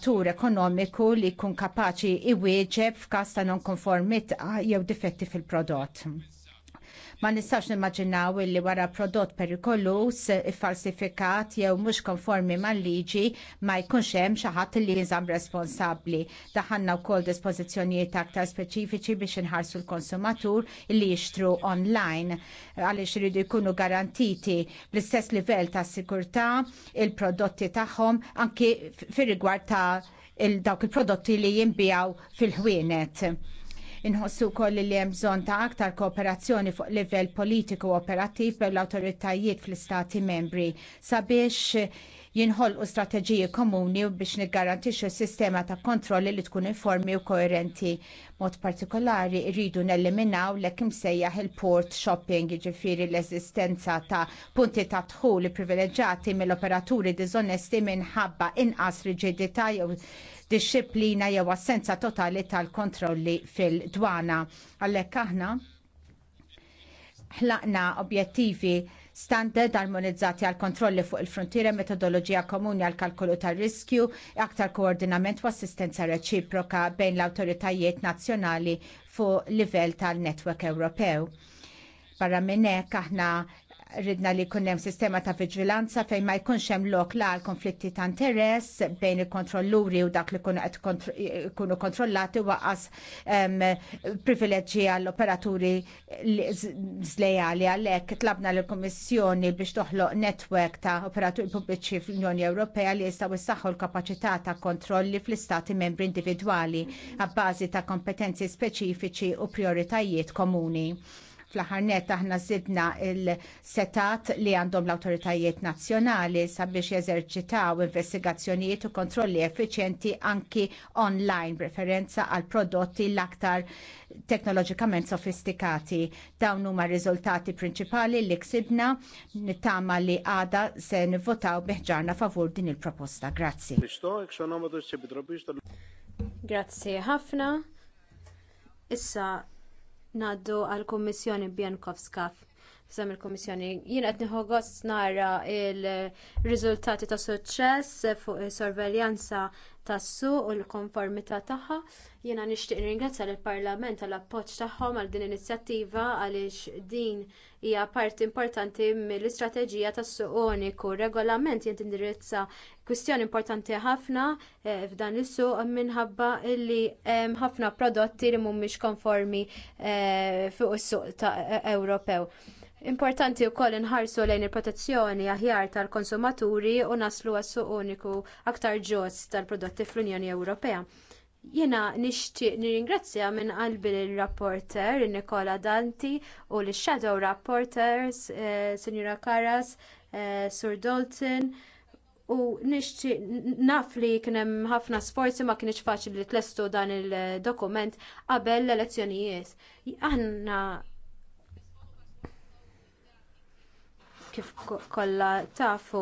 fattur ekonomiku li jkun kapaċi iwieġeb f'kasta non nonkonformità jew difetti fil-prodott. Ma nistax nimmaġinaw li wara prodott perikolus falsifikat jew mhux konformi mal-liġi ma jkunx hemm xi ħadd li jinżamm responsabbli. Daħanna wkoll dispożizzjonijiet aktar speċifiċi biex inħarsu l-konsumatur li jixtru online għaliex iridu jkunu garantiti bl-istess livell ta' sikurtà il-prodotti tagħhom anki fir-rigward ta' il dawk il-prodotti li jinbijaw fil-ħwienet Inħossu koll li hemm bżonn ta' aktar kooperazzjoni fuq livell politiku operattiv per l-awtoritajiet fl-istati membri sabiex jinħolqu strateġiji komuni biex niggarantixxu sistema ta' kontrolli li tkun informi u koerenti. Mod partikolari rridu nelliminaw l-ek imsejjaħ il-port shopping jiġifieri l-eżistenza ta' punti ta' dħul privileġġati mill-operaturi diżonesti minħabba inqas riġidità jew disciplina jew assenza totali tal-kontrolli fil-dwana. Għallek aħna ħlaqna objettivi standard armonizzati għal kontrolli fuq il-frontiere, metodoloġija komuni għal kalkolu tar riskju, aktar koordinament u assistenza reċiproka bejn l-autoritajiet nazzjonali fuq livell tal-netwerk Ewropew. Barra minnek aħna ridna li kunnem sistema ta' vigilanza fejn ma jkunx hemm lok la għal konflitti ta' interess bejn il-kontrolluri u dak li kunu qed kontrollati waqas privileġġi għall operaturi zlejali għalhekk tlabna lill-Kummissjoni biex toħloq netwerk ta' operaturi pubbliċi fl-Unjoni Ewropea li jistgħu jsaħħu l-kapaċità ta' kontrolli fl-istati membri individwali għabbażi ta' kompetenzi speċifiċi u prioritajiet komuni. Fl-aħħar net aħna zidna il-setat li għandhom l-awtoritajiet nazzjonali sabiex jeżerċitaw investigazzjonijiet u kontrolli effiċjenti anki online b'referenza għal prodotti l-aktar teknoloġikament sofistikati. Dawn huma r-riżultati prinċipali li ksibna nittama li għada se nivvotaw biħġarna favur din il-proposta. Grazzi. Grazzi ħafna. Issa Ngħaddu għall-Kummissjoni Bjankowska f'sam il-Komissjoni. Jien qed nħoggos nara il-riżultati ta' suċċess fuq is-sorveljanza tas-suq u l-konformità tagħha. Jiena nixtieq ringrazzja lill parlament għall appoġġ tagħhom għal din inizjattiva għaliex din hija parti importanti mill-istrateġija tas-suq uniku. Regolament jien tindirizza kwistjoni importanti ħafna eh, f'dan is-suq minħabba li hemm ħafna prodotti li mhumiex konformi eh, fuq is-suq Ewropew. Importanti wkoll inħarsu lejn il-protezzjoni aħjar tal-konsumaturi u naslu għas-suq uniku aktar ġost tal-prodotti fl-Unjoni Ewropea. Jiena nixtieq nirringrazzja minn qalbi l-rapporter Nicola Danti u l-shadow rapporters eh, Sinjura Karas, eh, Sur Dalton u nixtieq naf li kien hemm ħafna sforzi ma kienx faċli li tlestu dan il-dokument qabel l-elezzjonijiet. Aħna kif kollha tafu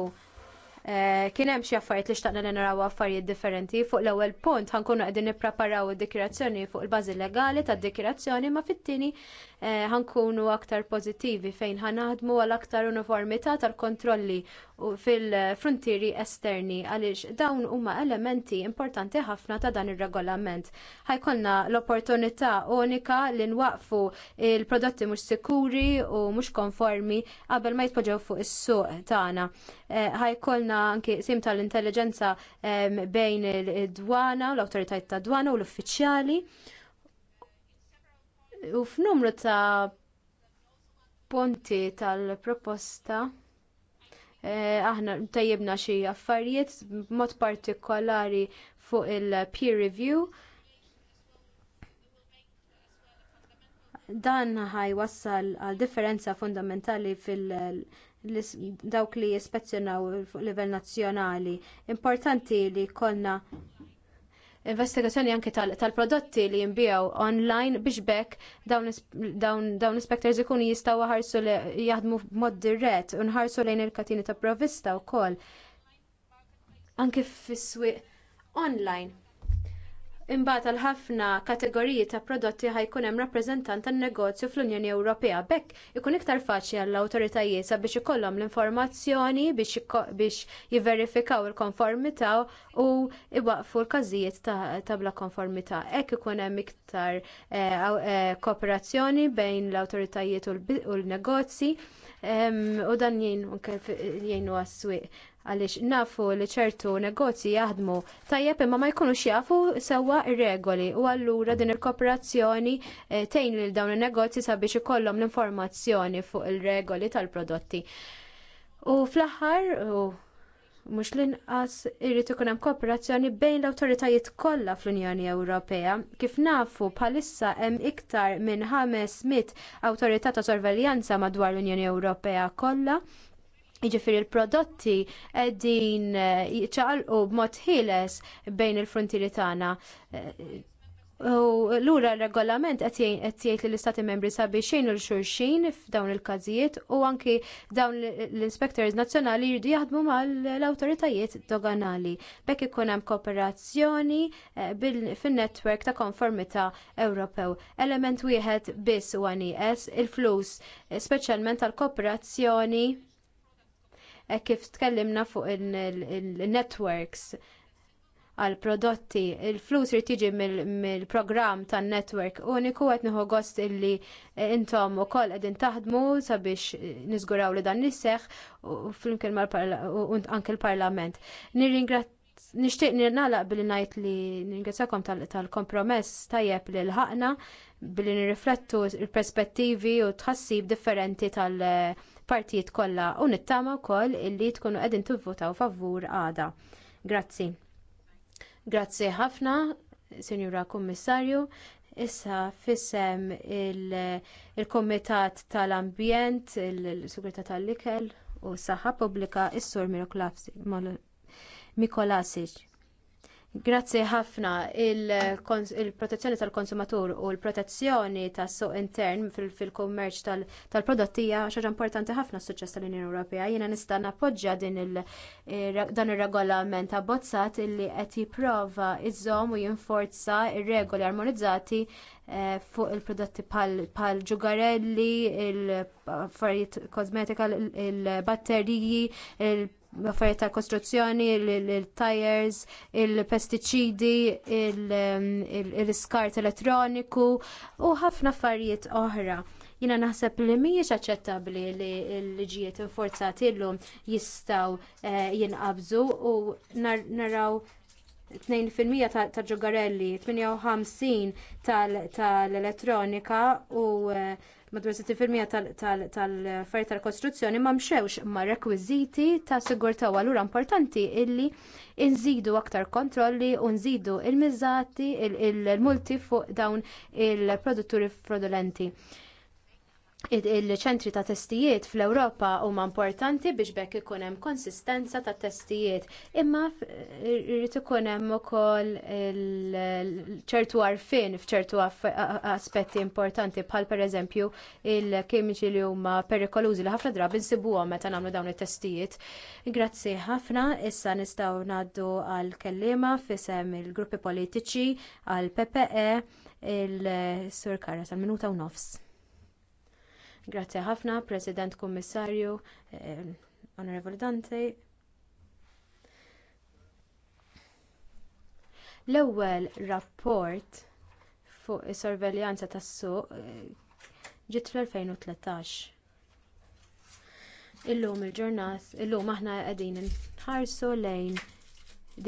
eh, kien hemm xi affarijiet li xtaqna li naraw affarijiet differenti. Fuq l-ewwel punt ħankunu qegħdin nippreparaw id-dikirazzjoni fuq il-bażi legali tad-dikirazzjoni ma fit-tieni Eh, ħankunu aktar pożittivi fejn ħanaħdmu għal aktar uniformità tal-kontrolli fil-frontieri esterni għaliex dawn huma elementi importanti ħafna ta' dan ir-regolament. Ħajkollna l-opportunità unika li nwaqfu l prodotti mhux sikuri u mhux konformi qabel ma jitpoġġew fuq is-suq tagħna. Eh, ħajkollna anki sim tal-intelligenza eh, bejn id-dwana l-awtoritajiet tad dwana u l-uffiċjali. U f'numru ta' punti tal-proposta eh, aħna tajjibna xi affarijiet b'mod partikolari fuq il-peer review. Dan ħajwassal għal differenza fundamentali fil- dawk li jispezzjonaw fuq livell nazzjonali. Importanti li jkollna investigazzjoni anke tal-prodotti li jinbijaw online biex bekk dawn l-inspektors ikunu jistgħu ħarsu li jaħdmu b'mod dirett u nħarsu lejn il-katini ta' provvista wkoll. Anke fis-swieq online Imbagħad għal ħafna kategoriji ta' prodotti ħajkun hemm rappreżentant tan-negozju fl-Unjoni Ewropea. Bekk ikun iktar faċli għall awtoritajiet sabiex ikollhom l-informazzjoni biex jiverifikaw il-konformità u iwaqfu l-każijiet ta' bla konformità. Hekk ikun hemm iktar eh, eh, kooperazzjoni bejn l-awtoritajiet u l-negozji ehm, u dan jgħinu għas-swieq għaliex nafu li ċertu negozji jaħdmu tajjeb imma ma jkunux jafu sewwa r regoli u allura din il-kooperazzjoni eh, tgħin lil dawn in-negozji sabiex ikollhom l-informazzjoni fuq ir regoli tal-prodotti. U fl-aħħar mhux l-inqas irrid ikun hemm kooperazzjoni bejn l-awtoritajiet kollha fl-Unjoni Ewropea. Kif nafu bħalissa hemm iktar minn 500 awtorità ta' sorveljanza madwar l-Unjoni Ewropea kollha Jiġifieri l prodotti qegħdin eh, ċaqalqu b'mod ħieles bejn il-frontieri tagħna. Eh, u lura r-regolament qed jgħid li l-istati membri sabiex xejn u l xulxin f'dawn il-każijiet u anki dawn l-inspectors nazzjonali jridu jaħdmu mal-awtoritajiet doganali. Bekk ikun hemm kooperazzjoni eh, fin-netwerk ta' konformità Ewropew. Element wieħed biss huwa nieqes il-flus, speċjalment tal-kooperazzjoni E kif tkellimna fuq il-networks għal prodotti. Il-flus irid tiġi mill-programm tan-network uniku qed nieħu gost illi intom ukoll qegħdin taħdmu sabiex niżguraw li dan nisseħ u flimkien anke l-Parlament. Nixtieq nirnalaq billi ngħid li ningrazzakom tal-kompromess tajjeb li l-ħaqna billi nirriflettu l-perspettivi u tħassib differenti tal- partijiet kollha u nittama wkoll illi tkunu qegħdin tivvotaw favur għada. Grazzi. Grazzi ħafna, Sinjura Kummissarju. Issa fissem il-Komitat il tal-Ambjent, il-Segretà tal likel u s-Saħħa Pubblika, is-Sur Mikolasic. Grazzi ħafna il-protezzjoni il tal-konsumatur u l-protezzjoni tas-suq intern fil-kummerċ tal-prodotti hija xaġa importanti ħafna s-suċċess tal-Unjoni Ewropea. Jiena nista' nappoġġja eh, dan ir-regolament abbozzat li qed jipprova iżżomm u jinforza r-regoli armonizzati eh, fuq il-prodotti pal ġugarelli, il-affarijiet kosmetika, il-batteriji, il affarijiet tal kostruzzjoni, il-tires, il-pestiċidi, il-iskart elettroniku u ħafna affarijiet oħra jina naħseb li mhijiex aċċettabbli li l-liġijiet infurzati illum jistgħu eh, jinqabżu u naraw 2% ta' ġugarelli, 58 tal-elettronika u eh, madwar 60% tal-affarijiet tal-kostruzzjoni ma mxewx ma' rekwiżiti ta' sigurtà u allura importanti illi nżidu aktar kontrolli u nżidu l miżati il-multi fuq dawn il-produtturi fraudolenti il-ċentri ta' testijiet fl-Ewropa huma importanti biex bekk ikun hemm konsistenza ta' testijiet. Imma jrid ikun hemm ukoll ċertu għarfien f'ċertu aspetti importanti bħal pereżempju il-kimiċi li huma perikolużi li ħafna drabi nsibuhom meta nagħmlu dawn it-testijiet. Grazzi ħafna, issa nistgħu ngħaddu għal kelliema fisem il-gruppi politiċi għal PPE il-Sur Karas għal minuta u nofs. Grazzi ħafna, President Kummissarju, eh, Dante. L-ewwel rapport fuq is-sorveljanza tas-suq eh, ġiet fl-2013. Illum il-ġurnat, illum aħna qegħdin nħarsu lejn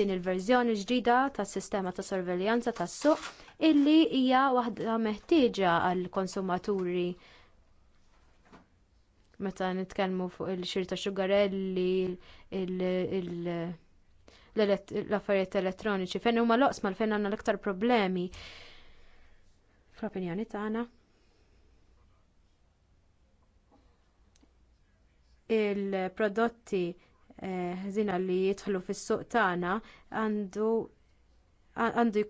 din il-verżjoni ġdida tas-sistema ta' sorveljanza tas-suq illi hija waħda meħtieġa għall konsumaturi meta nitkellmu fuq il xir ta' xugarelli, l-affarijiet elettroniċi, fejn huma loqsma fejn għandna l-iktar problemi. Fl-opinjoni tagħna. Il-prodotti eh, ħżina li jidħlu fis-suq tagħna għandu għandu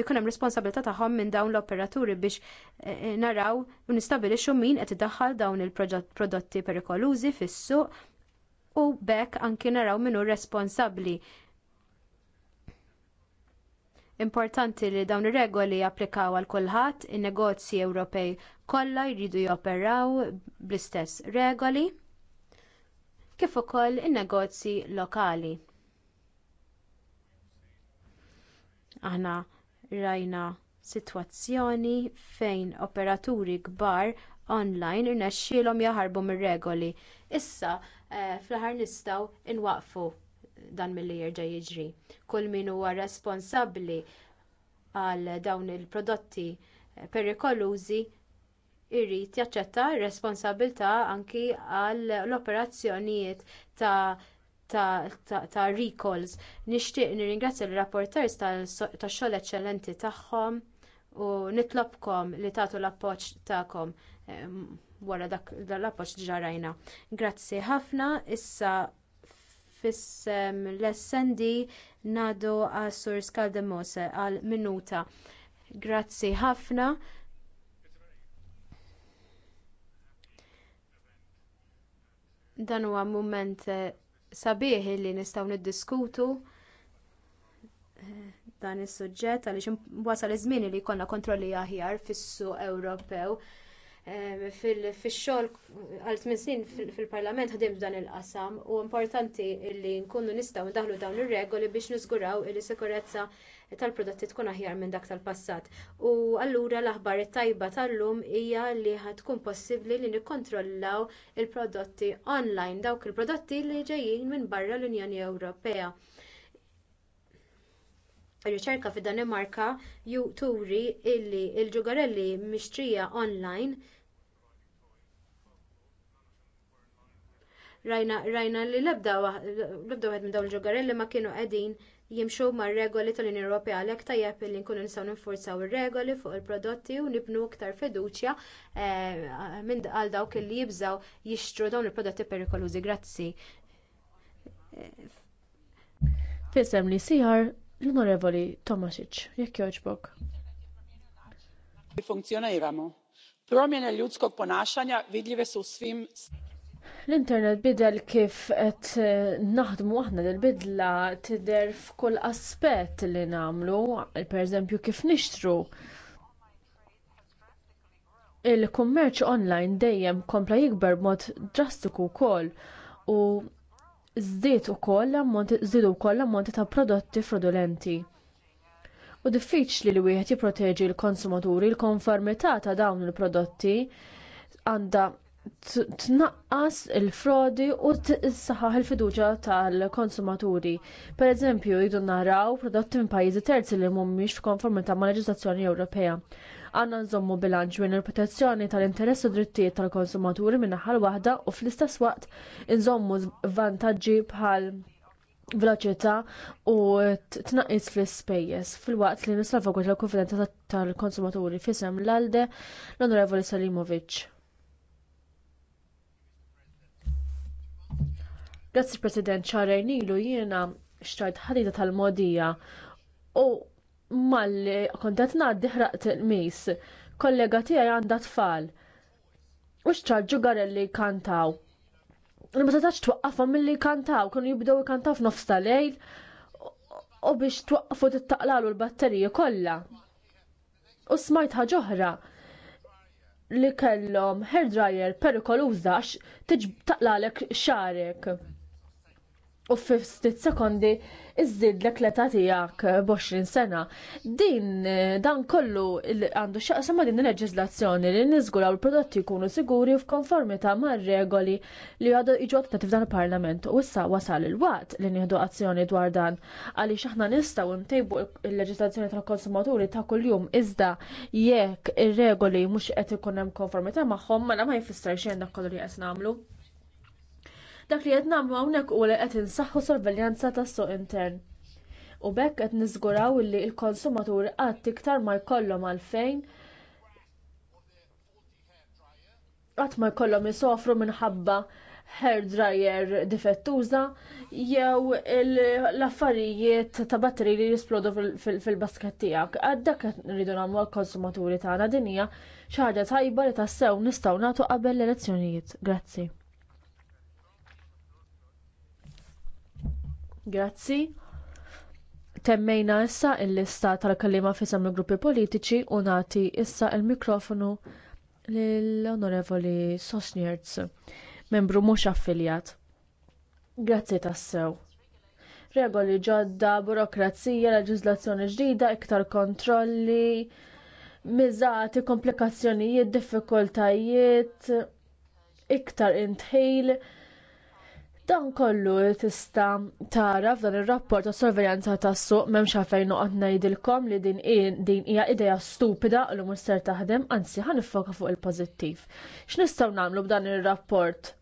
jkun hemm responsabilità tagħhom minn dawn l-operaturi biex eh, eh, naraw u nistabilixxu min qed iddaħħal dawn il-prodotti perikolużi fis-suq u bekk anki naraw min hu responsabbli. Importanti li dawn ir-regoli japplikaw għal kulħadd, in-negozji Ewropej kollha jridu joperaw bl-istess regoli kif ukoll in-negozji lokali. aħna rajna sitwazzjoni fejn operaturi kbar online irnexxielhom jaħarbu mir-regoli issa eh, fl-aħħar nistgħu inwaqfu dan milli jerġa' jiġri kull min huwa responsabbli għal dawn il-prodotti eh, perikolużi jrid jaċċetta r-responsabbiltà anki għall operazzjonijiet ta' ta' recalls. Nixtieq nirringrazzja l-rapporters tax-xogħol eċċellenti tagħhom u nitlobkom li tagħtu l-appoġġ tagħkom ehm, wara dak l-appoġġ diġà rajna. Grazzi ħafna issa fissem l-essendi nadu għasur skaldemose għal minuta. Grazzi ħafna. dan huwa mument eh, sabiħ li nistgħu niddiskutu eh, dan is-suġġett għaliex wasal iż-żmien li jkollna kontrolli aħjar fis-suq Ewropew. Eh, fix-xogħol għal tmien snin fil-Parlament ħadimt f'dan il-qasam u importanti li nkunu nistgħu ndaħlu dawn ir-regoli biex niżguraw li sikurezza tal-prodotti tkun aħjar minn dak tal-passat. U allura l-aħbar it-tajba tal-lum hija li tkun possibbli li nikkontrollaw il-prodotti online dawk il-prodotti li ġejjin minn barra l-Unjoni Ewropea. Ir-riċerka fid Danimarka turi illi l il ġugarelli mixtrija online rajna, rajna li l-ebda waħed minn dawn il-ġugarelli ma kienu qegħdin jimxu mar regoli tal-Unjoni Ewropea għalhekk tajjeb li nkunu nistgħu ninfurzaw ir-regoli fuq il-prodotti u nibnu iktar fiduċja eh, minn għal dawk li jibżgħu jixtru dawn il-prodotti perikolużi. Grazzi. Fisem li siħar l-Onorevoli Tomasic, jekk joġbok. Funkcjoniramo. Promjene ljudskog ponašanja vidljive su svim L-internet bidel kif qed eh, naħdmu aħna l-bidla tidher f'kull aspett li nagħmlu, pereżempju kif nixtru. Il-kummerċ online dejjem kompla jikber b'mod drastiku wkoll u żdied ukoll l-ammonti żdiedu wkoll l ta' prodotti frodolenti. U diffiċli li wieħed jipproteġi l-konsumaturi l-konformità ta' dawn il-prodotti għandha tnaqqas il-frodi u s-saħħaħ il-fiduċja tal-konsumaturi. Pereżempju, jridu naraw prodotti minn pajjiżi terzi li mhumiex f'konformità mal leġiżlazzjoni Ewropea. Għanna nżommu bilanċ bejn il-protezzjoni tal interessi u drittijiet tal-konsumaturi minn naħal waħda u fl-istess waqt nżommu vantaġġi bħal veloċità u tnaqqis fl-ispejjeż fil-waqt li nisalvagwet l-konfidenza tal-konsumaturi fisem l-alde l-Onorevoli Salimovic. Grazzi President ċarajn ilu jiena xtrajt ħadida tal-modija u malli kontet ngħaddi ħraqt il-mis. Kollega tiegħi għandha tfal. U xċarġu garelli kantaw. Ma setax twaqqafhom milli kantaw, kienu jibdew ikantaw f'nofs tal-lejl u biex twaqqafu tittaqlalu l-batterija kollha. U smajt ħaġa oħra li kellhom hair dryer perikoluża għax taqlalek xarek u f sekondi iżidlek l ekleta tiegħek b'20 sena. Din eh, dan kollu għandu xaqsa ma din il leġizlazzjoni li niżguraw l prodotti jkunu siguri f'konformità mar-regoli li għadu iġu adottati f'dan il-Parlament u issa wasal il wat li nieħdu azzjoni dwar dan għaliex aħna nistgħu ntejbu il leġizlazzjoni tal-konsumaturi ta' kuljum iżda jekk ir-regoli mhux qed ikun hemm konformità magħhom mela ma jfissirx dak kollu li għasnamlu. nagħmlu. Dak li qed nagħmlu hawnhekk huwa li qed insaħħu sorveljanza tas-suq intern. U b'hekk qed niżguraw li l-konsumaturi qatt iktar ma jkollhom għalfejn qatt ma jkollhom isofru minħabba hair dryer difettuża jew l-affarijiet ta' batteri li jisplodu fil-basket tiegħek. qed nridu nagħmlu għall-konsumaturi tagħna din hija xi ħaġa tajba li tassew nistgħu nagħtu qabel l-elezzjonijiet. Grazzi. Grazzi. Temmejna issa il-lista tal-kallima fi il gruppi politiċi u nagħti issa l mikrofonu lill-Onorevoli Sosnierz, membru mhux affiljat. Grazzi tassew. Regoli ġodda, burokrazija, leġiżlazzjoni ġdida, iktar kontrolli, miżati, komplikazzjonijiet, diffikultajiet, iktar intħil Dan kollu tista' tara f'dan ir-rapport ta' sorveljanza tas-suq m'hemmx għalfejn noqgħod ngħidilkom li din din hija idea stupida li mhux ser taħdem, anzi ħa nifoka fuq il-pożittiv. X'nistgħu nagħmlu b'dan ir-rapport?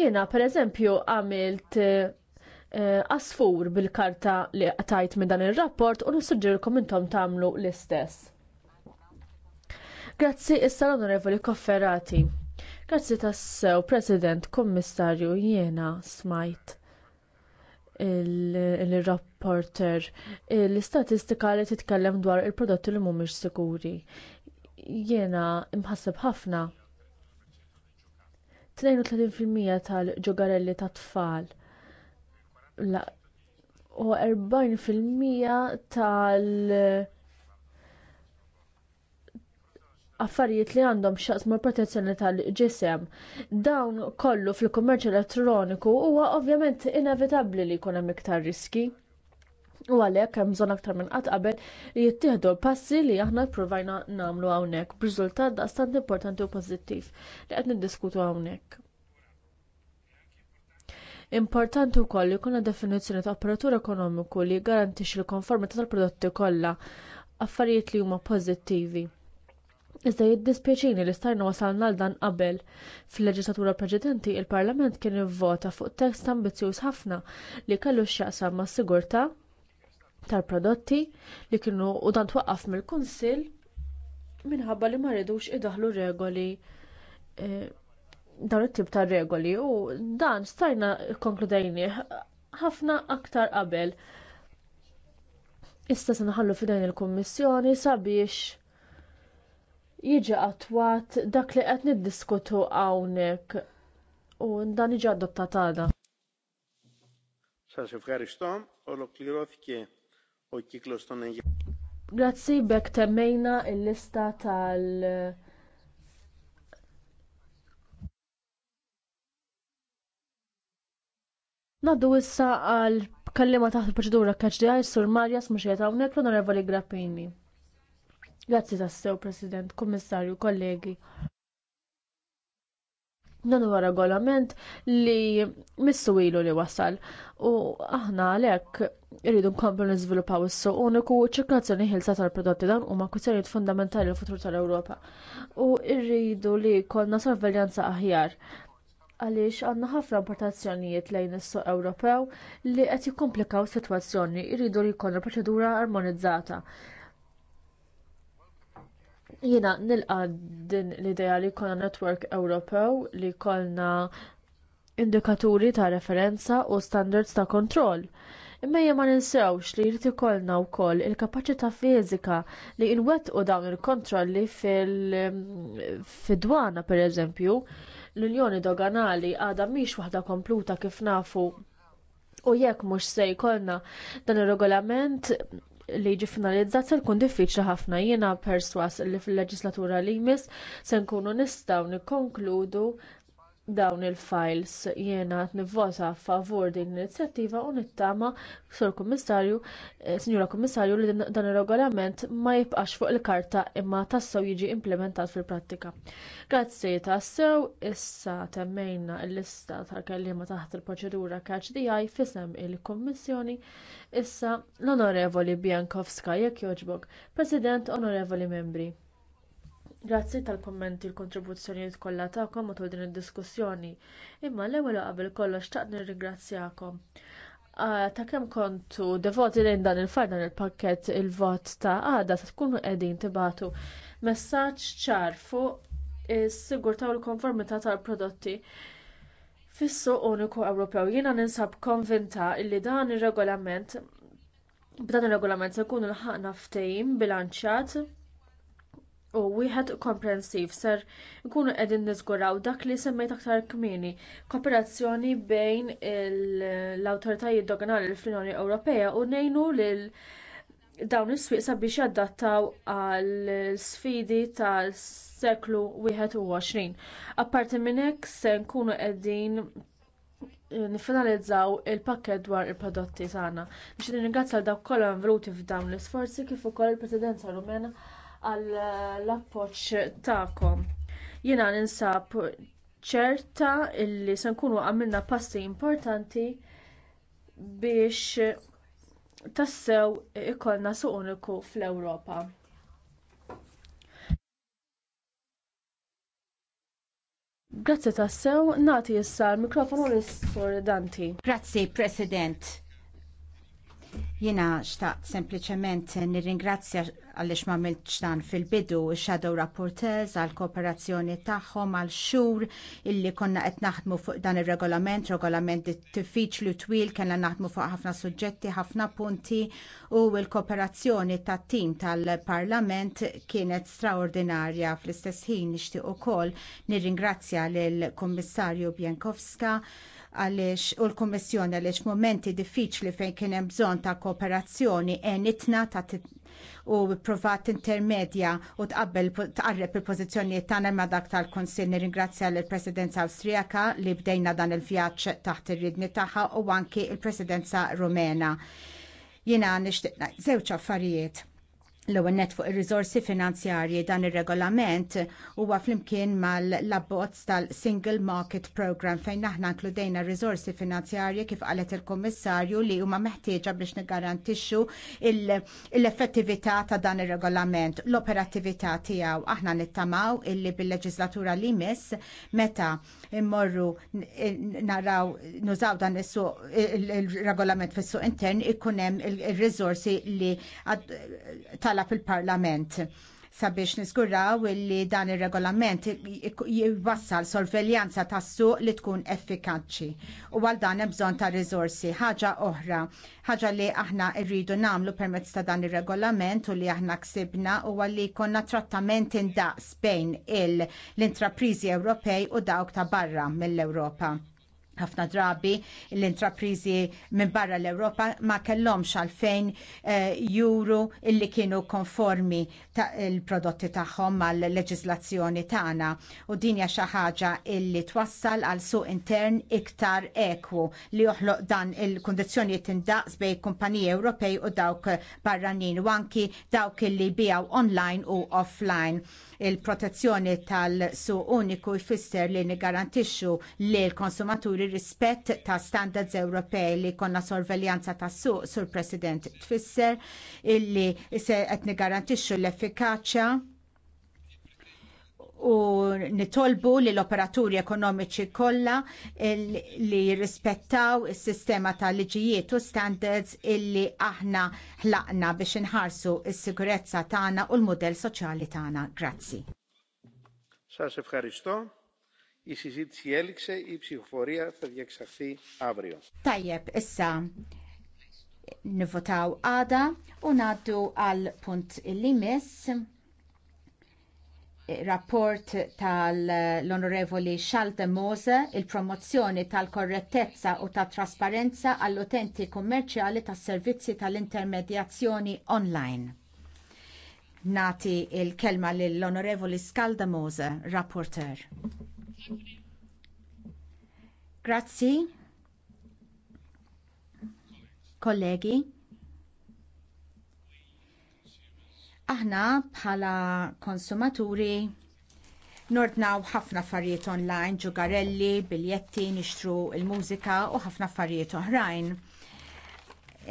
Jiena pereżempju għamilt eh, asfur bil-karta li tajt minn dan ir-rapport u nissuġġirkom intom tagħmlu l-istess. Grazzi issa l-Onorevoli Kofferati. Grazzi tassew, President, Kommissarju, jiena smajt il-rapporter il rapporter l istatistika li titkellem dwar il-prodotti li mhumiex sikuri. Jiena imħasseb ħafna 32% tal ġugarelli tat tfal u 40% tal- affarijiet li għandhom xaqsmu protezzjoni tal-ġisem. Dawn kollu fil-kummerċ elettroniku huwa ovvjament inevitabbli li jkun hemm iktar riski. U għalhekk hemm bżonn aktar minn qatt qabel li jittieħdu l-passi li aħna pprovajna nagħmlu hawnhekk b'riżultat daqstant importanti u pożittiv li qed niddiskutu hawnhekk. Importanti wkoll li jkun definizzjoni ta' operatur ekonomiku li jgarantixxi l-konformità tal-prodotti kollha affarijiet li huma pożittivi Iżda jiddispjaċini li stajna wasalna għal dan qabel. Fil-leġislatura preċedenti, il-Parlament kien ivvota fuq test ambizzjuż ħafna li kellu x'jaqsam mas-sigurtà tal-prodotti li kienu u dan twaqqaf mill-Kunsill minħabba li ma rridux idaħlu regoli e, dawn it-tip ta' regoli u dan stajna konkludajni ħafna aktar qabel. Issa se naħallu f'din il-Kummissjoni sabiex jiġi attwat dak li qed niddiskutu hawnhekk u dan iġi adottat għadha. Σας ευχαριστώ. Ολοκληρώθηκε ο κύκλος των εγγυών. Grazzi bek temmejna il-lista tal Naddu issa għal kallima taħt il-proċedura kaċdija, sur Marjas mux jgħet għawnek l-onorevoli Grappini. Grazzi tassew, President, Kummissarju, kollegi. Dan huwa regolament li missu ilu li wasal u aħna għalhekk irridu nkomplu nizvilupaw is-suq uniku u ħilsa tal-prodotti dan huma kwistjonijiet fundamentali l futur tal-Ewropa. U rridu li jkollna sorveljanza aħjar għaliex għandna ħafna importazzjonijiet lejn is-suq Ewropew li qed jikkomplikaw sitwazzjoni jridu li jkollna proċedura armonizzata Jiena nilqa din l-idea li jkollna netwerk Ewropew li jkollna indikaturi ta' referenza u standards ta' kontroll. Imma ma ninsewx li jrid ikollna wkoll il-kapaċità fiżika li nwettqu dawn il-kontrolli fil-dwana pereżempju. L-Unjoni Doganali għadha mhix waħda kompluta kif nafu u jekk mhux se jkollna dan ir-regolament li jiġi finalizzat se jkun diffiċli ħafna jiena perswas li fil-leġislatura li jmiss se nkunu nistgħu nikkonkludu dawn il-files jiena nivvota favur din l-inizjattiva u nittama sur kummissarju eh, Sinjura Kummissarju li dan ir-regolament ma jibqax fuq il-karta imma tassew jiġi implementat fil-prattika. Grazzi tassew issa temmejna l-lista tal-kelliema taħt il-proċedura catch DI fisem il-Kummissjoni issa l-Onorevoli Biankowska jekk jogħġbok, President Onorevoli Membri. Grazzi tal-kommenti u l-kontribuzzjonijiet kollha tagħkom matul din id-diskussjoni. Imma l-ewwel qabel kollox xtaqt nirringrazzjakom. Ta' kemm kontu devoti lejn dan il-far dan il-pakkett il-vot ta' għada se tkunu qegħdin tibatu messaġġ ċar fuq is-sigurtà u l-konformità tal-prodotti fis-suq uniku Ewropew. Jiena ninsab konvinta li dan ir-regolament b'dan ir-regolament se jkunu l-ħaqna ftehim bilanċjat u wieħed komprensiv ser ikunu qegħdin niżguraw dak li semmejt aktar kmieni kooperazzjoni bejn l-awtoritajiet doganali fl-Unjoni Ewropea u ngħinu lil dawn is-swieq sabiex jadattaw għall sfidi tas-seklu 21. Apparti minn hekk se nkunu qegħdin nifinalizzaw il-pakket dwar il-prodotti tagħna. Nixtieq ningrazzja għal dawk kollha involuti f'dawn l-isforzi kif ukoll il-Presidenza Rumena għall-appoġġ tagħkom. Jiena ninsab ċerta illi se nkunu għamilna passi importanti biex tassew ikollna suq fl-Ewropa. Grazzi tassew, nati issa l-mikrofonu l-istor Danti. Grazzi, President. Jiena xtaqt sempliċement nirringrazzja għaliex ma dan fil-bidu shadow rapporteurs għal kooperazzjoni tagħhom għal xhur illi konna qed naħdmu fuq dan ir-regolament, regolament diffiċli u twil kellna naħdmu fuq ħafna suġġetti, ħafna punti u l-kooperazzjoni tat-tim tal-Parlament kienet straordinarja fl-istess ħin nixtieq ukoll nirringrazzja lill kummissarju Bjankowska għaliex u l-Kummissjoni għaliex momenti diffiċli fejn kien hemm bżonn ta' operazzjoni enitna ta' u provat intermedja u tqabbel tqarreb il-pożizzjonijiet tagħna ma' dak tal-Kunsill nirringrazzja lill presidenza Awstrijaka li bdejna dan il-vjaġġ taħt ir-ridni tagħha u anki il-Presidenza Rumena. Jiena nixtieq żewġ affarijiet. L-ewwel net fuq ir-riżorsi finanzjarji dan ir-regolament huwa flimkien mal-abbozz tal-Single Market Program fejn aħna nkludejna riżorsi finanzjarji kif qalet il-Kummissarju li huma meħtieġa biex nigarantixxu l-effettività ta' dan ir-regolament, l-operattività tiegħu. Aħna nittamaw illi bil-leġislatura li jmiss meta immorru naraw nużaw dan il-regolament fis-suq intern ikun hemm il rizorsi li talab il-Parlament sabiex nisguraw li dan ir-regolament jwassal sorveljanza tas-suq li tkun effikaċi. U għal dan hemm bżonn ta' rizorsi, ħaġa oħra, ħaġa li aħna rridu nagħmlu permezz ta' dan ir-regolament u li aħna ksibna u li konna trattament indaqs bejn l-intraprizi Ewropej u dawk ta' barra mill-Ewropa ħafna drabi l-intraprizi minn barra l-Europa ma kellhomx għalfejn eh, juru illi kienu konformi ta il-prodotti tagħhom mal leġislazzjoni tagħna u din hija xi ħaġa illi twassal għal suq intern iktar ekwu li joħloq dan il-kundizzjonijiet indaqs bejn kumpaniji Ewropej u dawk barranin u anki dawk illi bijaw online u offline. Il-protezzjoni tal-suq uniku jfisser li nigarantixxu li l-konsumaturi ir-rispett ta' standards Ewropej li konna sorveljanza ta' suq sur President tfisser illi se qed nigarantixxu l-effikaċja u nitolbu li l-operaturi ekonomiċi kollha li jirrispettaw is-sistema ta' liġijiet u standards illi aħna ħlaqna biex inħarsu s-sigurezza tagħna u l-mudell soċjali tagħna. Grazzi. Η συζήτηση έληξε, η ψηφοφορία θα διεξαχθεί αύριο. Tajjeb, issa nivotaw għada u naddu għal punt limis rapport tal-Onorevoli Schalte Mose il-promozzjoni tal-korrettezza u tat trasparenza għall-utenti kummerċjali tas servizzi tal-intermedjazzjoni online. Nati il-kelma lill onorevoli Skalda Mose, rapporter. Grazzi. Kollegi. Aħna bħala konsumaturi Nordnaw ħafna affarijiet online, ġugarelli, biljetti, nixtru il-mużika u ħafna affarijiet oħrajn.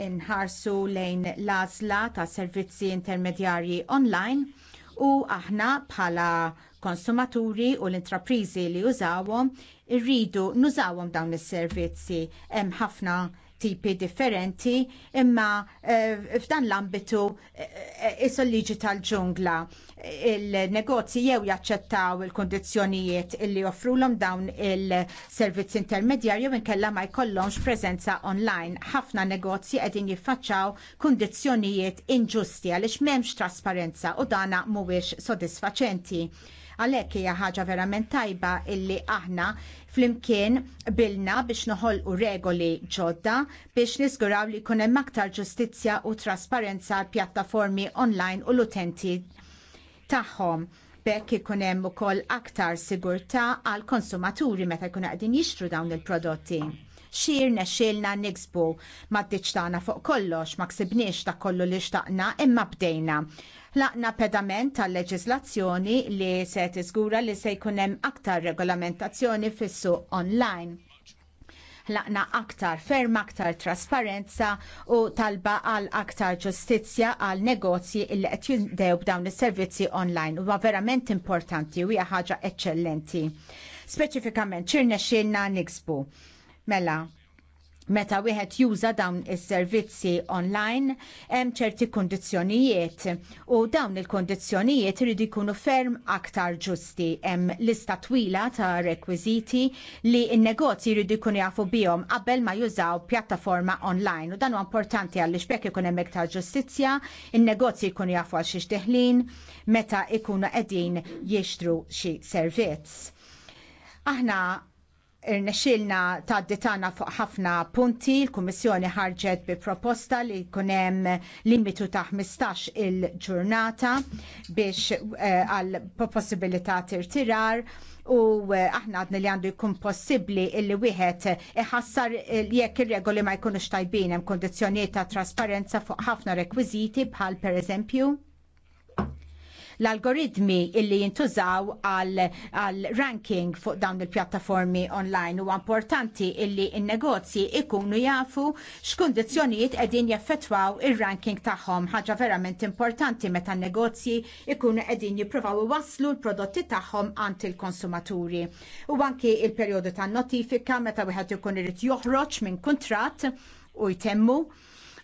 Inħarsu lejn l għażla ta' servizzi intermedjarji online u aħna bħala konsumaturi u l-intraprizi li użawhom irridu nużawhom dawn is-servizzi. Hemm ħafna tipi differenti imma eh, f'dan l-ambitu eh, eh, is liġi tal-ġungla il-negozji jew jaċċettaw il kondizjonijiet illi joffrulhom dawn il-servizz intermedjarju inkella ma jkollhomx prezenza online. Ħafna negozji qegħdin jiffaċċaw kundizzjonijiet inġusti għaliex m'hemmx trasparenza u dana mhuwiex sodisfaċenti. Għalhekk hija ħaġa verament tajba illi aħna flimkien bilna biex noħolqu regoli ġodda biex nisguraw li jkun hemm aktar ġustizzja u trasparenza għall pjattaformi online u l-utenti tagħhom. Bekk ikun hemm ukoll aktar sigurtà għall konsumaturi meta jkunu qegħdin jixtru dawn il-prodotti. Xir nexilna nixbu ma tagħna fuq kollox ma ksibniex ta' kollu li xtaqna imma bdejna laqna pedament tal-leġislazzjoni li se tiżgura li se jkun hemm aktar regolamentazzjoni fis-suq online laqna aktar ferm, aktar trasparenza u talba għal aktar ġustizzja għal negozji il qed jindew b'dawn is-servizzi online huwa verament importanti u hija ħaġa eċċellenti. Speċifikament ċirna niksbu. Mela, meta wieħed juża dawn is-servizzi online hemm ċerti kundizzjonijiet u dawn il-kundizzjonijiet irid jkunu ferm aktar ġusti hemm lista twila ta' rekwiżiti li n-negozji jridu jkunu jafu bihom qabel ma jużaw pjattaforma online u dan huwa importanti għaliex bekk ikun hemm iktar ġustizzja, in-negozji jkunu jafu għal xi xdeħlin meta jkunu qegħdin jixtru xi servizz. Aħna irnexilna ta' ditana fuq ħafna punti, l-Kummissjoni ħarġet bi proposta li kunem limitu ta' 15 il-ġurnata biex eh, għal possibilità tirtirar u eh, aħna għadni li għandu jkun possibli illi wieħed iħassar jekk ir-regoli ma jkunux tajbin hemm kondizzjonijiet ta' trasparenza fuq ħafna rekwiżiti bħal pereżempju L-algoritmi illi jintużaw għal ranking fuq dawn il-pjattaformi online huwa importanti illi n-negozji ikunu jafu x'kundizzjonijiet qegħdin jaffettwaw ir-ranking tagħhom ħaġa verament importanti meta n-negozji ikunu qegħdin jippruvaw iwasslu l-prodotti tagħhom għand il-konsumaturi. U anki il-perjodu tan-notifika meta wieħed ikun irid joħroġ minn kuntratt u jtemmu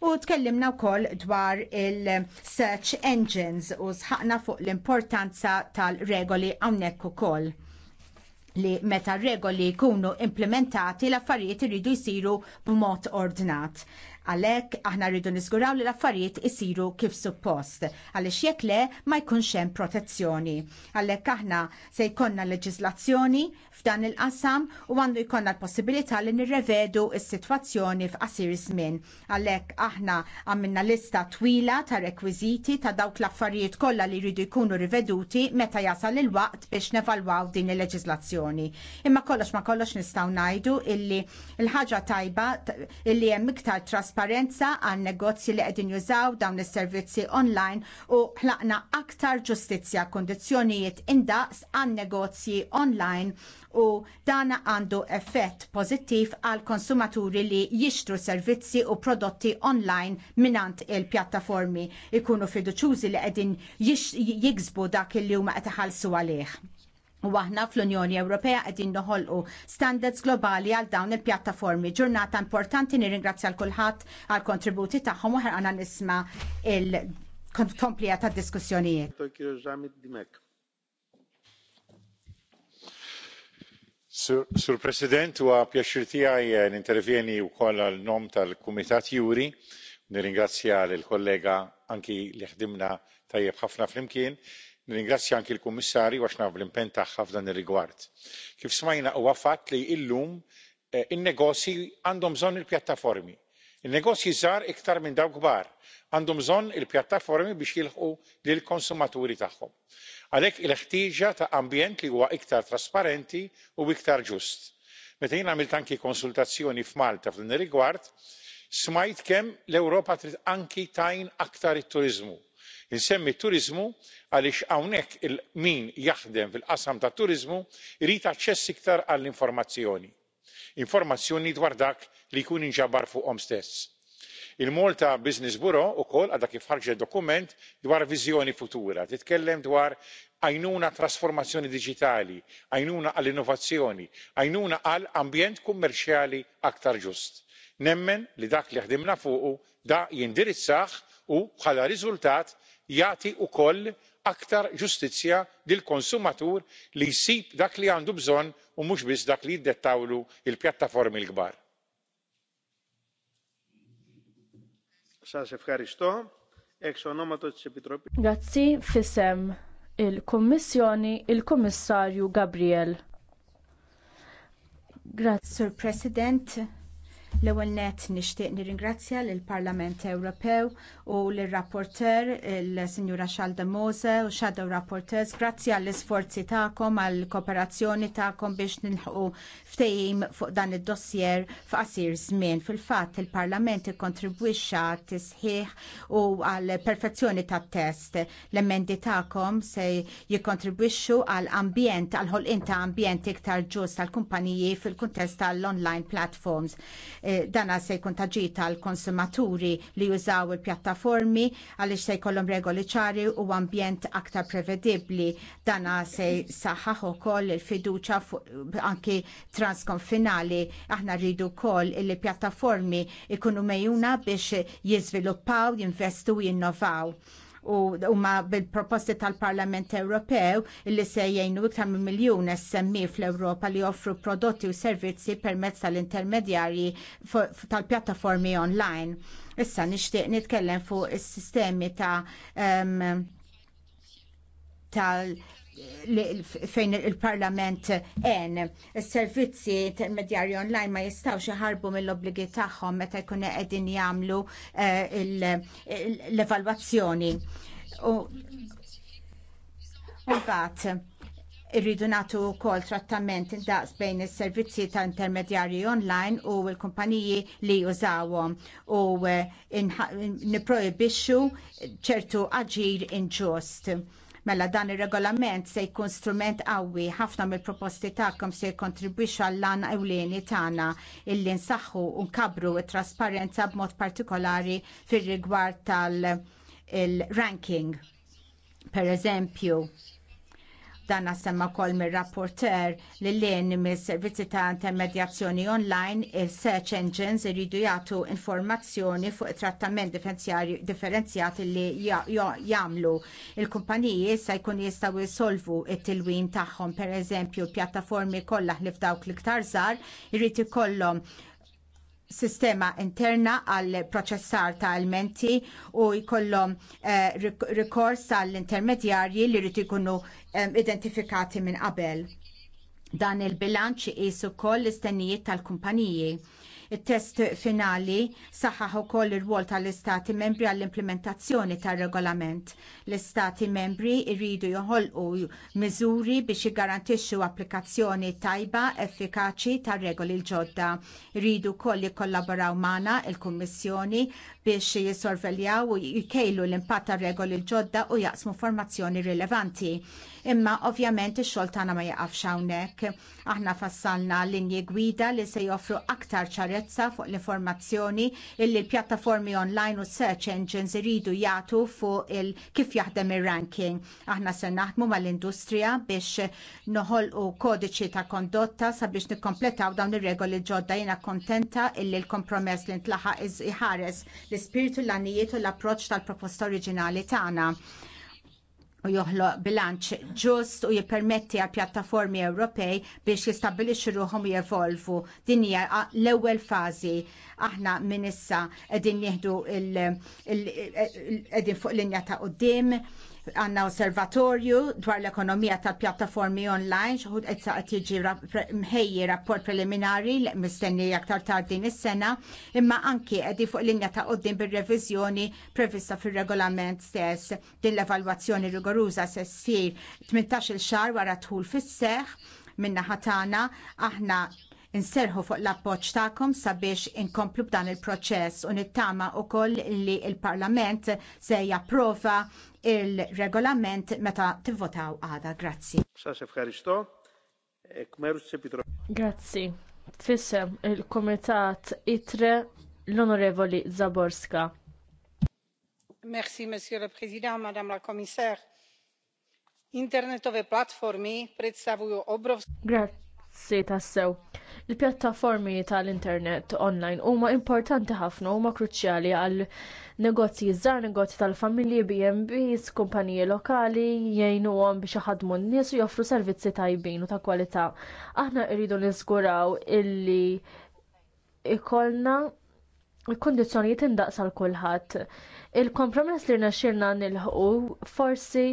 u tkellimna wkoll dwar il-search engines u sħaqna fuq l-importanza tal-regoli hawnhekk ukoll li meta regoli jkunu implementati l-affarijiet iridu jsiru b'mod ordnat. Għalhekk aħna rridu nisguraw li l-affarijiet isiru kif suppost, għaliex jekk le ma jkunx hemm protezzjoni. Għalhekk aħna se jkollna leġiżlazzjoni f'dan il-qasam u għandu jkollna l-possibilità li nirrevedu s-sitwazzjoni f'qasir żmien. Għalhekk aħna għamilna lista twila ta' rekwiżiti ta' dawk l-affarijiet kollha li jridu jkunu riveduti meta jasal il-waqt biex nevalwaw din il-leġiżlazzjoni. Imma kollox ma kollox nistgħu ngħidu illi l-ħaġa tajba illi hemm iktar trasparenza għan negozji li qegħdin jużaw dawn is-servizzi online u ħlaqna aktar ġustizzja kondizzjonijiet indaqs għan negozji online u dana għandu effett pożittiv għal konsumaturi li jixtru servizzi u prodotti online minant il-pjattaformi ikunu fiduċuzi li qegħdin jiksbu dak li huma qed iħallsu għalih. U aħna fl-Unjoni Ewropea qegħdin noħolqu standards globali għal dawn il-pjattaformi. Ġurnata importanti nirringrazzja l kulħadd għal kontributi tagħhom u ħarqana nisma' il-komplija tad-diskussjonijiet. Sur President, huwa pjaċir tiegħi eh, nintervjeni wkoll għal nom tal-Kumitat Juri. Nirringrazzja lill kollega anki li ħdimna tajjeb ħafna flimkien. Nirringrazzja anki l-Kummissarju għax naf l-impenn tagħha f'dan ir-rigward. Kif smajna huwa fatt li llum eh, in-negozji għandhom bżonn il-pjattaformi. In-negozji żgħar iktar minn dawk kbar għandhom bżonn il-pjattaformi biex jilħqu lill-konsumaturi tagħhom għalhekk il ħtieġa ta' ambjent li huwa iktar trasparenti u iktar ġust. meta jien għamilt anki konsultazzjoni f'malta f'din ir-rigward smajt kemm l-ewropa trid anki tgħin aktar it-turiżmu. insemmi t-turiżmu għaliex hawnhekk min jaħdem fil-qasam tat-turiżmu jrid aċċess iktar għall informazzjoni informazzjoni dwar dak li jkun inġabar fuqhom stess il malta business bureau wkoll għadha kif ħarġet dokument dwar viżjoni futura titkellem dwar għajnuna trasformazzjoni diġitali għajnuna għall innovazzjoni għajnuna għal ambjent kummerċjali aktar ġust. nemmen li dak li ħdimna fuqu da jindirizzah u bħala riżultat jagħti wkoll aktar ġustizzja lil konsumatur li jsib dak li għandu bżonn u mhux biss dak li jiddettawlu l pjattaformi l kbar. Grazzi fisem il-Kommissjoni il-Kommissarju Gabriel. Grazie, Sur President, L-ewwel nett nixtieq nirringrazzja lill Parlament Ewropew u lir-rapporteur il-Sinjura Xalda Mose u Shadow Rapporteurs grazzi għall-isforzi tagħkom għall-kooperazzjoni tagħkom biex nilħqu ftehim fuq dan id-dossier f'qasir żmien. Fil-fatt il-Parlament ikkontribwixxa tisħiħ u għall perfezzjoni tat-test. L-emendi tagħkom se jikkontribwixxu għall ambjent għall ħolqien ta' ambjent iktar ġust tal-kumpaniji fil-kuntest tal-online platforms Eh, dana se jkun taġita tal-konsumaturi li jużaw il-pjattaformi għaliex se jkollhom regoli ċari u ambjent aktar prevedibbli. Dana se saħħaħ ukoll il-fiduċa anki transkonfinali. Aħna rridu wkoll il pjattaformi ikunu mejuna biex jiżviluppaw, jinvestu u jinnovaw u huma bil-proposti tal-Parlament Ewropew li se jgħinu iktar minn miljun SMI e fl-Ewropa li offru prodotti u servizzi permezz tal-intermedjarji tal-pjattaformi online. Issa nixtieq nitkellem fuq is-sistemi ta' um, tal- fejn il-Parlament en is-servizzi intermedjarji online ma jistaw iħarbu mill-obbligi tagħhom meta jkun qegħdin jagħmlu l-evalwazzjoni. U mbagħad irridu nagħtu wkoll trattament daqs bejn is-servizzi ta' intermedjarji online u l-kumpaniji li jużawhom u niprojbixxu ċertu aġir inġust Mela dan ir-regolament se jkun strument qawwi ħafna mill-proposti tagħkom se jkontribwix għall-lan ewlieni tagħna illi nsaħħu u nkabru t-trasparenza b'mod partikolari fir-rigward tal-ranking. Per eżempju, Dan nasemma kol mir rapporter li l-lin mis servizzi ta' intermedjazzjoni online il-search engines iridu jagħtu informazzjoni fuq it trattament differenzjati li jagħmlu. Il-kumpaniji issa jkun jistgħu jsolvu t tilwin tagħhom, pereżempju pjattaformi kollha li f'dawk l-iktar żgħar iridu ikollhom sistema interna għal proċessar ta' elementi u jkollhom eh, rikors għall intermedjarji li rridu ikunu eh, identifikati minn qabel. Dan il-bilanċ jisu koll l-istennijiet tal-kumpaniji Il-test finali saħħaħ ukoll ir-rwol tal-Istati membri għall-implementazzjoni tar-regolament. L-Istati membri jridu joħolqu miżuri biex jiggarantixxu applikazzjoni tajba effikaċi tar-regoli l-ġodda. Iridu wkoll jikkollaboraw magħna il-Kummissjoni biex jissorveljaw u jikejlu l-impatt ta' regoli ġodda u jaqsmu formazzjoni rilevanti. Imma ovvjament ix-xogħol tagħna ma jaqafx hawnhekk. Aħna fassalna linji gwida li se joffru aktar ċarezza fuq l-informazzjoni illi l-pjattaformi online u search engines iridu jagħtu fuq il kif jaħdem ir-ranking. Aħna se naħdmu mal-industrija biex noħolqu kodiċi ta' kondotta sabiex nikkompletaw dawn ir-regoli ġodda jiena kontenta illi l-kompromess li ntlaħaq iħares li l-ispirtu l-għanijiet u l-approċ tal-proposta oriġinali tagħna u joħloq bilanċ ġust u jippermetti għal pjattaformi Ewropej biex jistabilixxu ruħhom u jevolvu. Din hija l-ewwel fażi aħna minn issa qegħdin nieħdu qegħdin fuq linja ta' qudiem għanna osservatorju dwar l-ekonomija tal-pjattaformi online xħud etsa għatiġi mħejji rapport preliminari mistenni aktar tard din is-sena imma anki għedi fuq linja ta' qoddim bil-revizjoni prevista fil-regolament stess din l-evalwazzjoni rigoruza se ssir 18 il xar wara tħul fis-seħ minna ħatana aħna Inserħu fuq l-appoġġ tagħkom sabiex inkomplu b'dan il-proċess u nittama wkoll li l parlament se japprova il-regolament meta tivvotaw għada. Grazzi. Grazzi. Fissem il-Komitat ITRE l-Onorevoli Zaborska. Merci, Monsieur le Président, Madame la Commissaire. Internetowe platformy predstavują obrovskie grazzi tassew. Il-pjattaformi tal-internet online huma importanti ħafna huma kruċjali għal negozji żgħar, negozji tal-familji, B&Bs, kumpaniji lokali jgħinuhom biex iħadmu n-nies u joffru servizzi tajbin u ta' kwalità. Aħna rridu niżguraw illi ikollna il-kondizjonijiet indaqsa l kulħadd. Il-kompromess li naxxirna nilħu forsi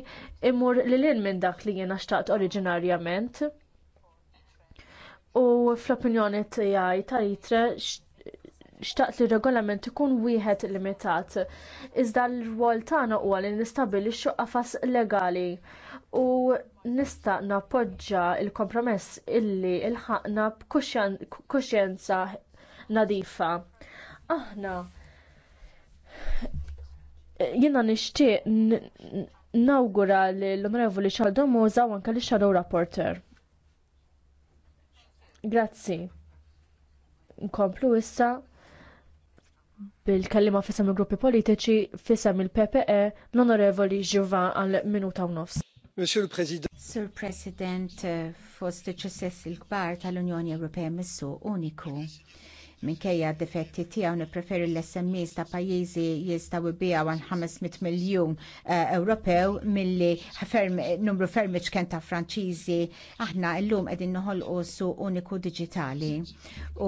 imur li l-in minn dak li jena xtaqt oriġinarjament. U fl-opinjoni tiegħi tal-itre xtaqt li regolament ikun wieħed limitat. Iżda l-rwol tagħna huwa li nistabbilixxu qafas legali u nista' nappoġġa l kompromess illi lħaqna b'kuxjenza nadifa. Aħna jiena nixtieq nawgura l onorevoli Xaldo Muża kalli anke Shadow Rapporter. Grazzi. Nkomplu issa bil-kellima fissam il-gruppi politiċi fissam il-PPE l-Onorevoli Giovan għal minuta u nofs. Monsieur President. Sir eh, President, fost ċessess il-kbar tal-Unjoni Ewropea missu uniku Minkejja d-defetti tiegħu nippreferi l-SMEs ta' pajjiżi jistgħu jbiegħu għal 500 miljun eh, Ewropew milli numru fermi ċken ta' Franċiżi aħna llum qegħdin noħolqu su uniku diġitali.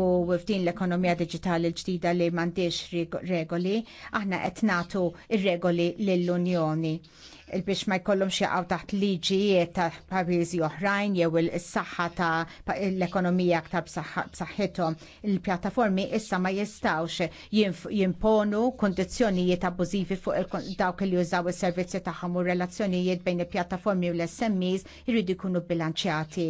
U f'din l-ekonomija diġitali l-ġdida li m'għandix regoli, aħna qed nagħtu ir-regoli lill-Unjoni il biex ma jkollhom xieqaw taħt liġijiet ta' pajjiżi oħrajn jew is-saħħa ta' l-ekonomija aktar b'saħħithom. Il-pjattaformi issa ma jistgħux jimponu kondizzjonijiet abbużivi fuq dawk li jużaw is-servizzi tagħhom u relazzjonijiet bejn il-pjattaformi u l-SMEs jridu jkunu bilanċjati.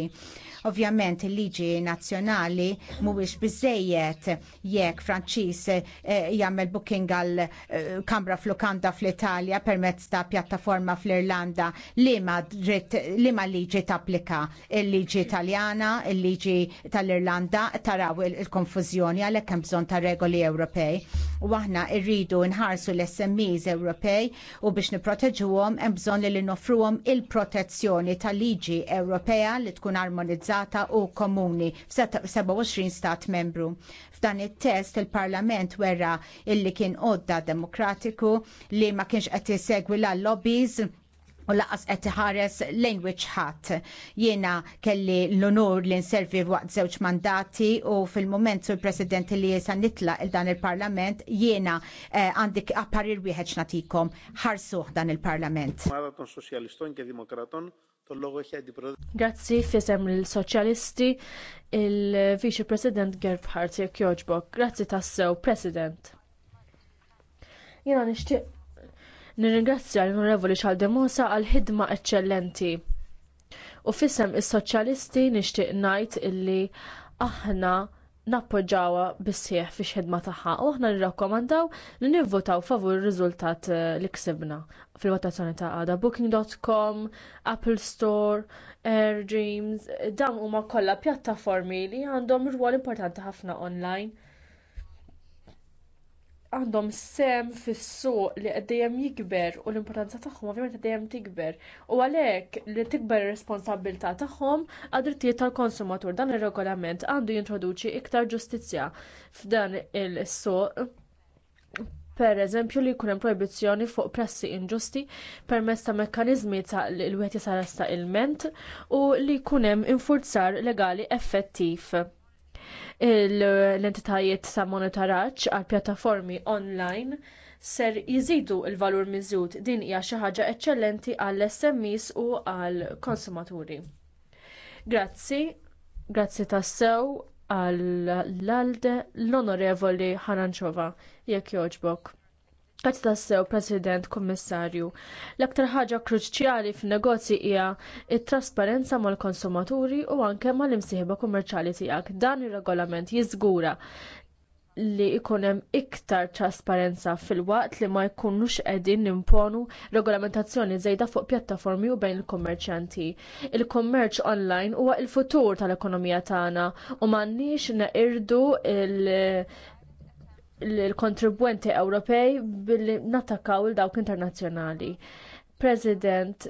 Ovvjament il-liġi nazzjonali mhuwiex biżejjed jekk Franċiż eh, jagħmel booking għal eh, kamra flukanda fl-Italja permezz ta' pjattaforma imma fl-Irlanda liema liġi tapplika il-liġi Italjana, il-liġi tal-Irlanda taraw il-konfużjoni għalhekk hemm bżonn ta' regoli Ewropej. U aħna rridu nħarsu l-SMEs Ewropej u biex nipproteġuhom hemm bżonn li nofruhom il-protezzjoni tal-liġi Ewropea li tkun armonizzata u komuni f'27 stat membru. F'dan it-test il-Parlament wera illi kien għodda demokratiku li ma kienx qed segwi la lobbies u laqas qed iħares lejn ħadd. Jiena kelli l-onur li nservi waqt żewġ mandati u fil-moment sur President li jesa nitla il dan il-Parlament jiena eh, għandi apparir wieħed x'natikom ħarsuh dan il-Parlament. ton Grazzi fisem l-Soċjalisti il-Viċi President Gerbhardt jekk joġbok. Grazzi tassew, President. Jena nixtieq nirringrazzja l-Onorevoli Xaldemosa għal ħidma eċċellenti. U fissem is-Soċjalisti nixtieq ngħid illi aħna nappoġġawha bissieħ fix xedma tagħha u aħna nirrakkomandaw li nivvotaw favur ir-riżultat eh, li ksibna fil-votazzjoni ta' għada booking.com, Apple Store, Air Dreams, dawn huma kollha pjattaformi li għandhom rwol importanti ħafna online għandhom sem fis-suq li għaddejjem jikber u l-importanza tagħhom ovvjament għaddejjem tikber u għalhekk li tikber ir-responsabilità tagħhom għad-drittijiet tal-konsumatur dan ir-regolament għandu jintroduċi iktar ġustizzja f'dan il-suq pereżempju li jkun hemm proibizzjoni fuq prezzi inġusti permezz ta' mekkaniżmi ta' li wieħed jisarasta ilment u li jkun hemm infurzar legali effettiv l-entitajiet ta' monitoraġġ għal pjattaformi online ser jiżidu l valur miżjud din hija xi ħaġa eċċellenti għall smis u għall konsumaturi. Grazzi, grazzi tassew għall alde l-onorevoli Ħaranċova jekk jogħġbok. Għat tassew, President, Kommissarju. L-aktar ħaġa kruċjali f'negozji hija t-trasparenza mal-konsumaturi u anke mal-imsieħba kummerċjali tiegħek. Dan ir-regolament jiżgura li ikunem hemm iktar trasparenza fil-waqt li ma jkunux qegħdin nimponu regolamentazzjoni żejda fuq pjattaformi u bejn il kommerċanti Il-kummerċ online huwa l-futur tal-ekonomija tagħna u m'għandniex neqirdu il-, -il l-kontribwenti Ewropej billi natakaw il-dawk internazzjonali. President,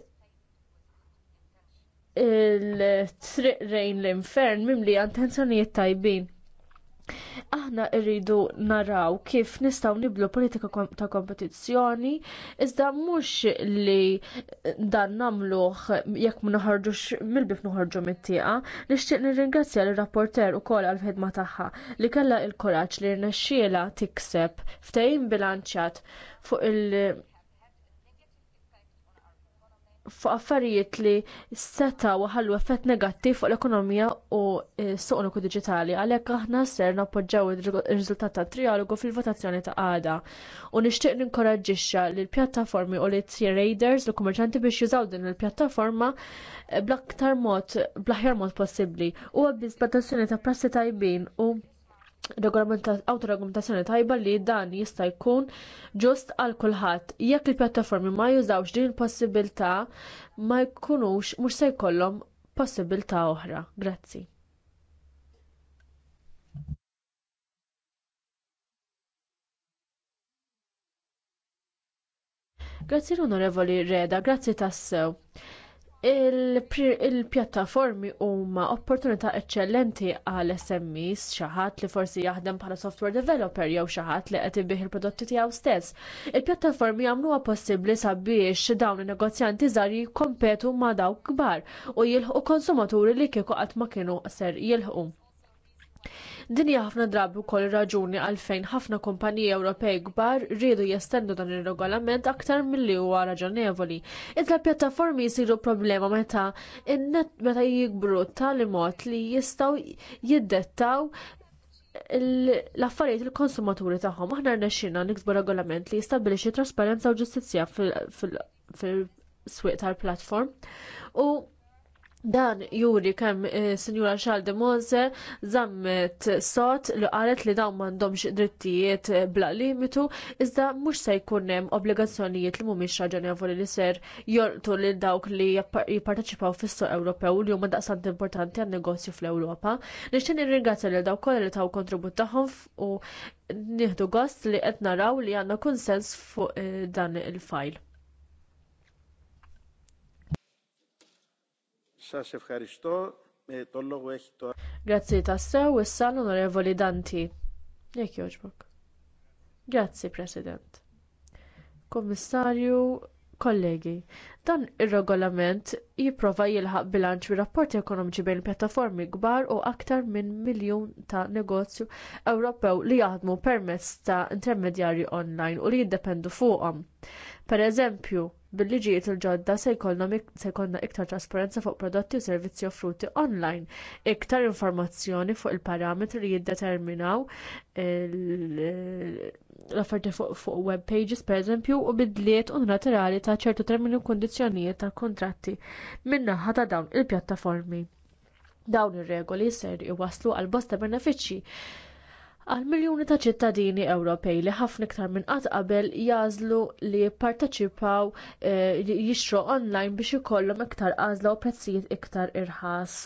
il-triq rejn l-infern mim li tensjonijiet tajbin Aħna rridu naraw kif nistgħu niblu politika kom ta' kompetizzjoni, iżda mhux li dan nagħmluh jekk ma noħorġux mill-bif noħorġu mit-tieqa, nixtieq nirringrazzja l rapporter ukoll għall ħidma tagħha li kellha l kuraġġ li rnexxiela tikseb ftehim bilanċjat fuq il- fuq affarijiet li seta waħallu effett negattiv fuq l-ekonomija u s-suq uniku diġitali għalhekk aħna ser nappoġġjaw ir-riżultat tat trialogu fil-votazzjoni ta' għada u nixtieq ninkoraġġixxa lill pjattaformi u lit raiders l kummerċanti biex jużaw din il-pjattaforma bl-aktar mod bl-aħjar mod possibbli u għabbiż ta' prassi tajbin u autoregolamentazzjoni tajba li dan jista' jkun ġust għal kulħadd. Jekk il-pjattaformi ma jużawx din il-possibilità ma jkunux mhux se jkollhom possibilità oħra. Grazzi. Grazzi l-Onorevoli Reda, grazzi tassew. Il-pjattaformi huma opportunità eċċellenti għal SMEs xi ħadd li forsi jaħdem bħala software developer jew xi ħadd li qed ibih il-prodotti tiegħu stess. Il-pjattaformi jagħmluha possibbli sabiex dawn in-negozjanti żgħar jikkompetu ma' dawk kbar u jilħqu konsumaturi li kieku qatt ma kienu ser jilħqu. Din hija ħafna drabi wkoll raġuni għalfejn ħafna kumpaniji Ewropej kbar rridu jestendu dan ir-regolament aktar milli huwa raġonevoli. Iżda pjattaformi jsiru problema meta in-net meta jikbru tali mod li jistgħu jiddettaw l-affarijiet il-konsumaturi tagħhom aħna rnexxinna niksbu regolament li jistabbilixxi trasparenza u ġustizzja fil-swieq tal-platform u Dan juri kemm eh, Sinjura Charles de Monse zammet sot li qalet li dawn m'għandhomx drittijiet eh, bla limitu iżda mhux se jkun hemm obbligazzjonijiet li mhumiex raġonevoli li ser jolqtu lil dawk li jipparteċipaw fis Ewropew li huma daqsant importanti għan negozju fl-Ewropa. Nixtieq nirringrazzja lil dawk kollha li taw kontribut tagħhom u nieħdu gost li qed naraw li għandna kunsens fuq eh, dan il-fajl. tollo Grazzi tassew, issa l-onorevoli Danti. Jek joġbok. Grazzi, President. Kommissarju, kollegi, dan ir-regolament jipprova jilħaq bilanċ bir rapporti ekonomiċi bejn pjattaformi kbar u aktar minn miljun ta' negozju Ewropew li jaħdmu permezz ta' intermedjarji online u li jiddependu fuqhom. Pereżempju, bil-liġijiet il-ġodda se jkollna iktar trasparenza fuq prodotti u servizzi offruti online, iktar informazzjoni fuq il-parametri li jiddeterminaw l-offerti fuq web pages pereżempju u bidliet unilaterali ta' ċertu termini u kundizzjonijiet tal kuntratti min-naħa ta' dawn il-pjattaformi. Dawn ir-regoli ser iwasslu għal bosta benefiċċji għal miljuni ta' ċittadini Ewropej li ħafna iktar minn qatt qabel jażlu li jipparteċipaw eh, jixtru online biex ikollhom iktar għażla u prezzijiet iktar irħas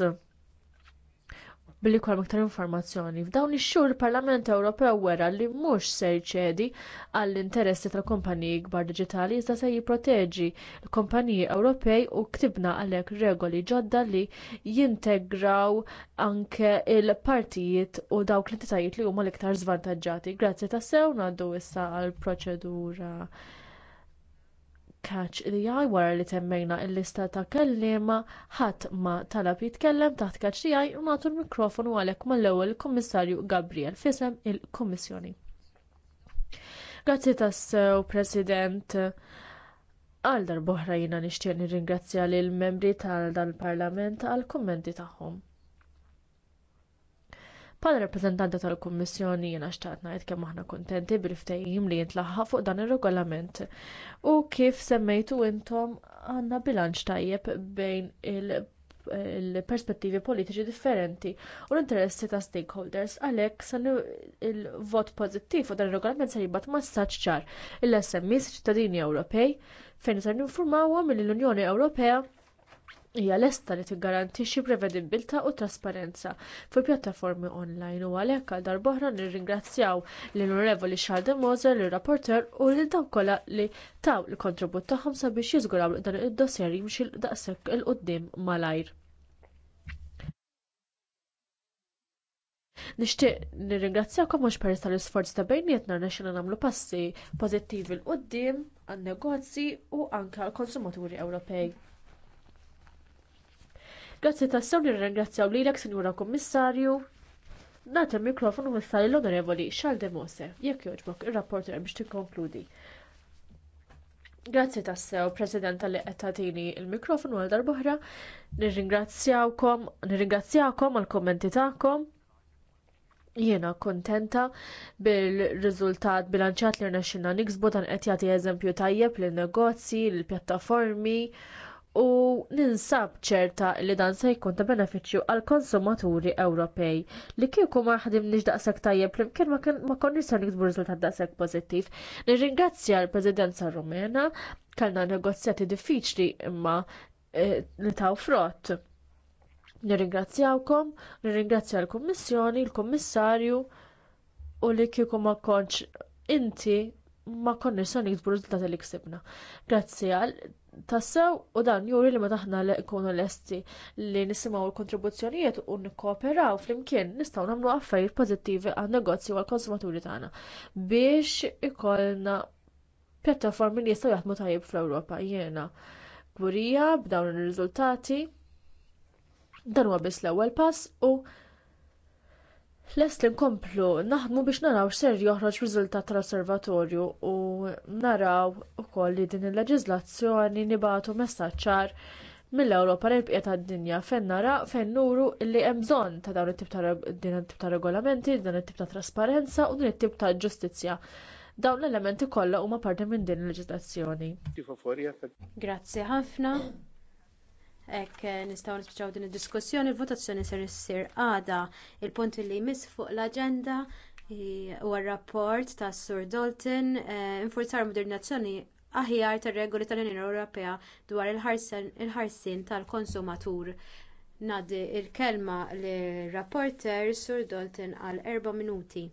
billi kwa aktar informazzjoni. F'dawn ix-xhur il-Parlament Ewropew wera li mhux se jċedi għall-interessi tal-kumpaniji kbar diġitali iżda se jipproteġi l-kumpaniji Ewropej u ktibna għalhekk regoli ġodda li jintegraw anke il-partijiet u dawk l-entitajiet li huma l-iktar żvantaġġati. Grazzi tassew ngħaddu issa għall proċedura catch the eye wara li temmejna l-lista ta' kelliema ħadd ma talab jitkellem taħt catch li eye u nagħtu l-mikrofonu għalhekk mal-ewwel il-Kummissarju Gabriel fisem il-Kummissjoni. Grazzi tassew, President. Għal darbohra nixtieq nirringrazzja lill membri tal-parlament għall kummenti tagħhom. Pal rappreżentanta tal-Kummissjoni jiena xtaqt ngħid kemm aħna kuntenti bil-ftehim li jintlaħħa fuq dan ir-regolament. U kif semmejtu intom għandna bilanċ tajjeb bejn il-perspettivi politiċi differenti u l-interessi ta' stakeholders għalhekk san il-vot pożittiv u dan ir-regolament se jibgħat massaġġ ċar il s ċittadini Ewropej fejn se ninformawhom li l-Unjoni Ewropea hija lesta li tiggarantixxi prevedibbiltà u trasparenza fil-pjattaformi onlajn u għalhekk għal darb'oħra nirringrazzjaw lill-onorevoli Charles Moser ir rapporter u lil dawk kollha li taw il-kontribut tagħhom sabiex jiżguraw li dan id-dossier jimxi daqshekk il quddiem malajr. Nixtieq nirringrazzjakom mhux peress tal-isforz ta' bejnietna nexxina nagħmlu passi pożittivi l qudiem għan-negozji u anke għall-konsumaturi Ewropej. Grazzi tas-sew nirringrazzjaw lilek, Sinjura Kummissarju. Nagħti il-mikrofon mikrofonu missali l-Onorevoli Charles de Mose, jekk jogħġbok ir-rapporter biex tikkonkludi. Grazzi tassew, President, li qed tagħtini l mikrofonu għal darbohra. Nirringrazzjawkom, nirringrazzjakom għall kommenti tagħkom. Jiena kontenta bil-riżultat bilanċjat li rnexxinna niksbu dan qed jagħti eżempju tajjeb lin negozji l-pjattaformi u ninsab ċerta li dan se jkun ta' benefiċċju għall konsumaturi Ewropej li kieku ma ħadim daqshekk tajjeb flimkien ma konniex se nikbu riżultat daqshekk pożittiv. Nirringrazzja l-Presidenza Rumena kellna negozjati diffiċli imma eh, li frott. Nirringrazzjawkom, nirringrazzja l-Kummissjoni, l-Kummissarju u li kieku ma konċ inti ma konniex se niksbu li ksibna. Grazzi għal tassew u dan juri li ma taħna l lesti li nisimgħu l-kontribuzzjonijiet u nikkooperaw flimkien nistgħu nagħmlu affarijiet pożittivi għan negozju għall konsumaturi tagħna biex ikollna pjattaformi li jistgħu jaħdmu tajjeb fl-Ewropa jiena. Gburija b'dawn ir-riżultati dan huwa biss l-ewwel pass u Lest li nkomplu naħdmu biex naraw x'ser joħroġ riżultat tal-osservatorju u naraw ukoll li din il-leġiżlazzjoni nibatu messaċċar mill-Ewropa l bqiet tad-dinja fejn nara fejn nuru li hemm bżonn ta' dawn it-tip ta' regolamenti, dan it-tip ta' trasparenza u din it-tip ta' ġustizzja. Dawn l-elementi kollha huma parti minn din il-leġiżlazzjoni. Grazzi ħafna. Hekk eh, nistgħu nispiċċaw din id-diskussjoni, il-votazzjoni ser issir għada. Il-punt li jmiss fuq l-aġenda eh, huwa r-rapport ta' Sur Dalton eh, infurzar modernazzjoni aħjar tar-regoli tal-Unjoni Ewropea dwar il-ħarsien tal-konsumatur. Nadi l kelma lir rapporter Sur Dalton għal erba' minuti.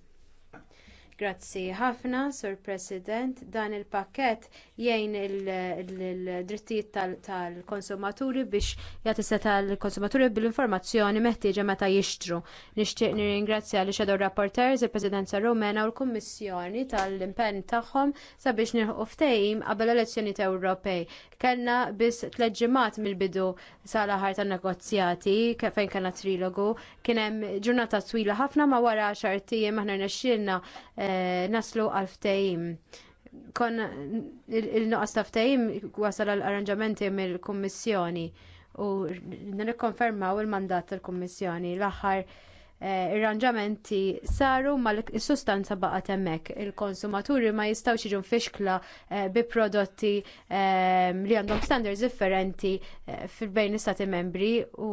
Grazzi ħafna, Sur President. Dan il-pakket jgħin il-drittijiet tal-konsumaturi biex jagħti seta tal-konsumaturi bil-informazzjoni meħtieġa meta jixtru. Nixtieq nirringrazzja li shadow rapporteurs il-Presidenza Rumena u l-Kummissjoni tal-impenn tagħhom sabiex nilħu ftehim qabel elezzjonijiet Ewropej. Kellna biss tleġġimat mill-bidu sal-aħar tan-negozjati fejn kellna trilogu, kien hemm ġurnata twila ħafna ma wara xartijiem aħna nexxielna eh, naslu għal ftehim kon il-noqas taftajim wasal għal-arranġamenti mill-Kummissjoni u nirkonfermaw il-mandat tal-Kummissjoni l-aħħar arranġamenti eh, saru ma l-sustanza baqgħet hemmhekk. Il-konsumaturi ma jistgħux jiġu fixkla eh, bi prodotti eh, li għandhom standards differenti fil-bejn istati membri u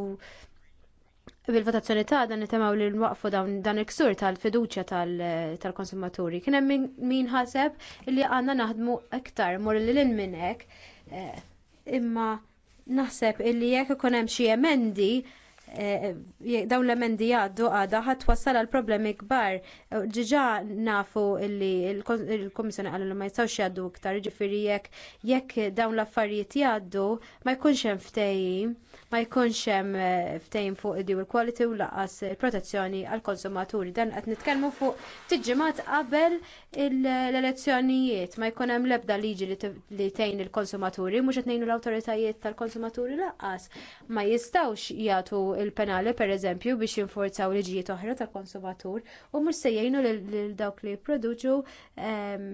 bil-votazzjoni ta' dan nitemaw li nwaqfu dan il-ksur tal-fiduċja tal-konsumaturi. Kien hemm min ħaseb li għandna naħdmu iktar mor li lil minnek eh, imma naħseb illi jekk ikun hemm xi emendi Eh, eh, daw l-emendi għaddu għada ħat wassal għal problemi kbar. Eh, ġiġa nafu li il-Komissjoni għallu li ma jistawx jgħaddu iktar, ġifiri jekk jekk dawn l-affarijiet jgħaddu ma jkunx hemm ftehim, ma jkunx hemm ftehim fuq id il-quality u laqas protezzjoni għal konsumaturi. Dan qed nitkellmu fuq tiġimat qabel l-elezzjonijiet ma jkun hemm l-ebda liġi li tgħin il-konsumaturi, mhux qed l-awtoritajiet tal-konsumaturi laqqas ma jistawx jagħtu il-penali pereżempju biex jinforzaw liġijiet oħra ta' konsumatur u mhux se jgħinu lil dawk li jipproduċu ehm,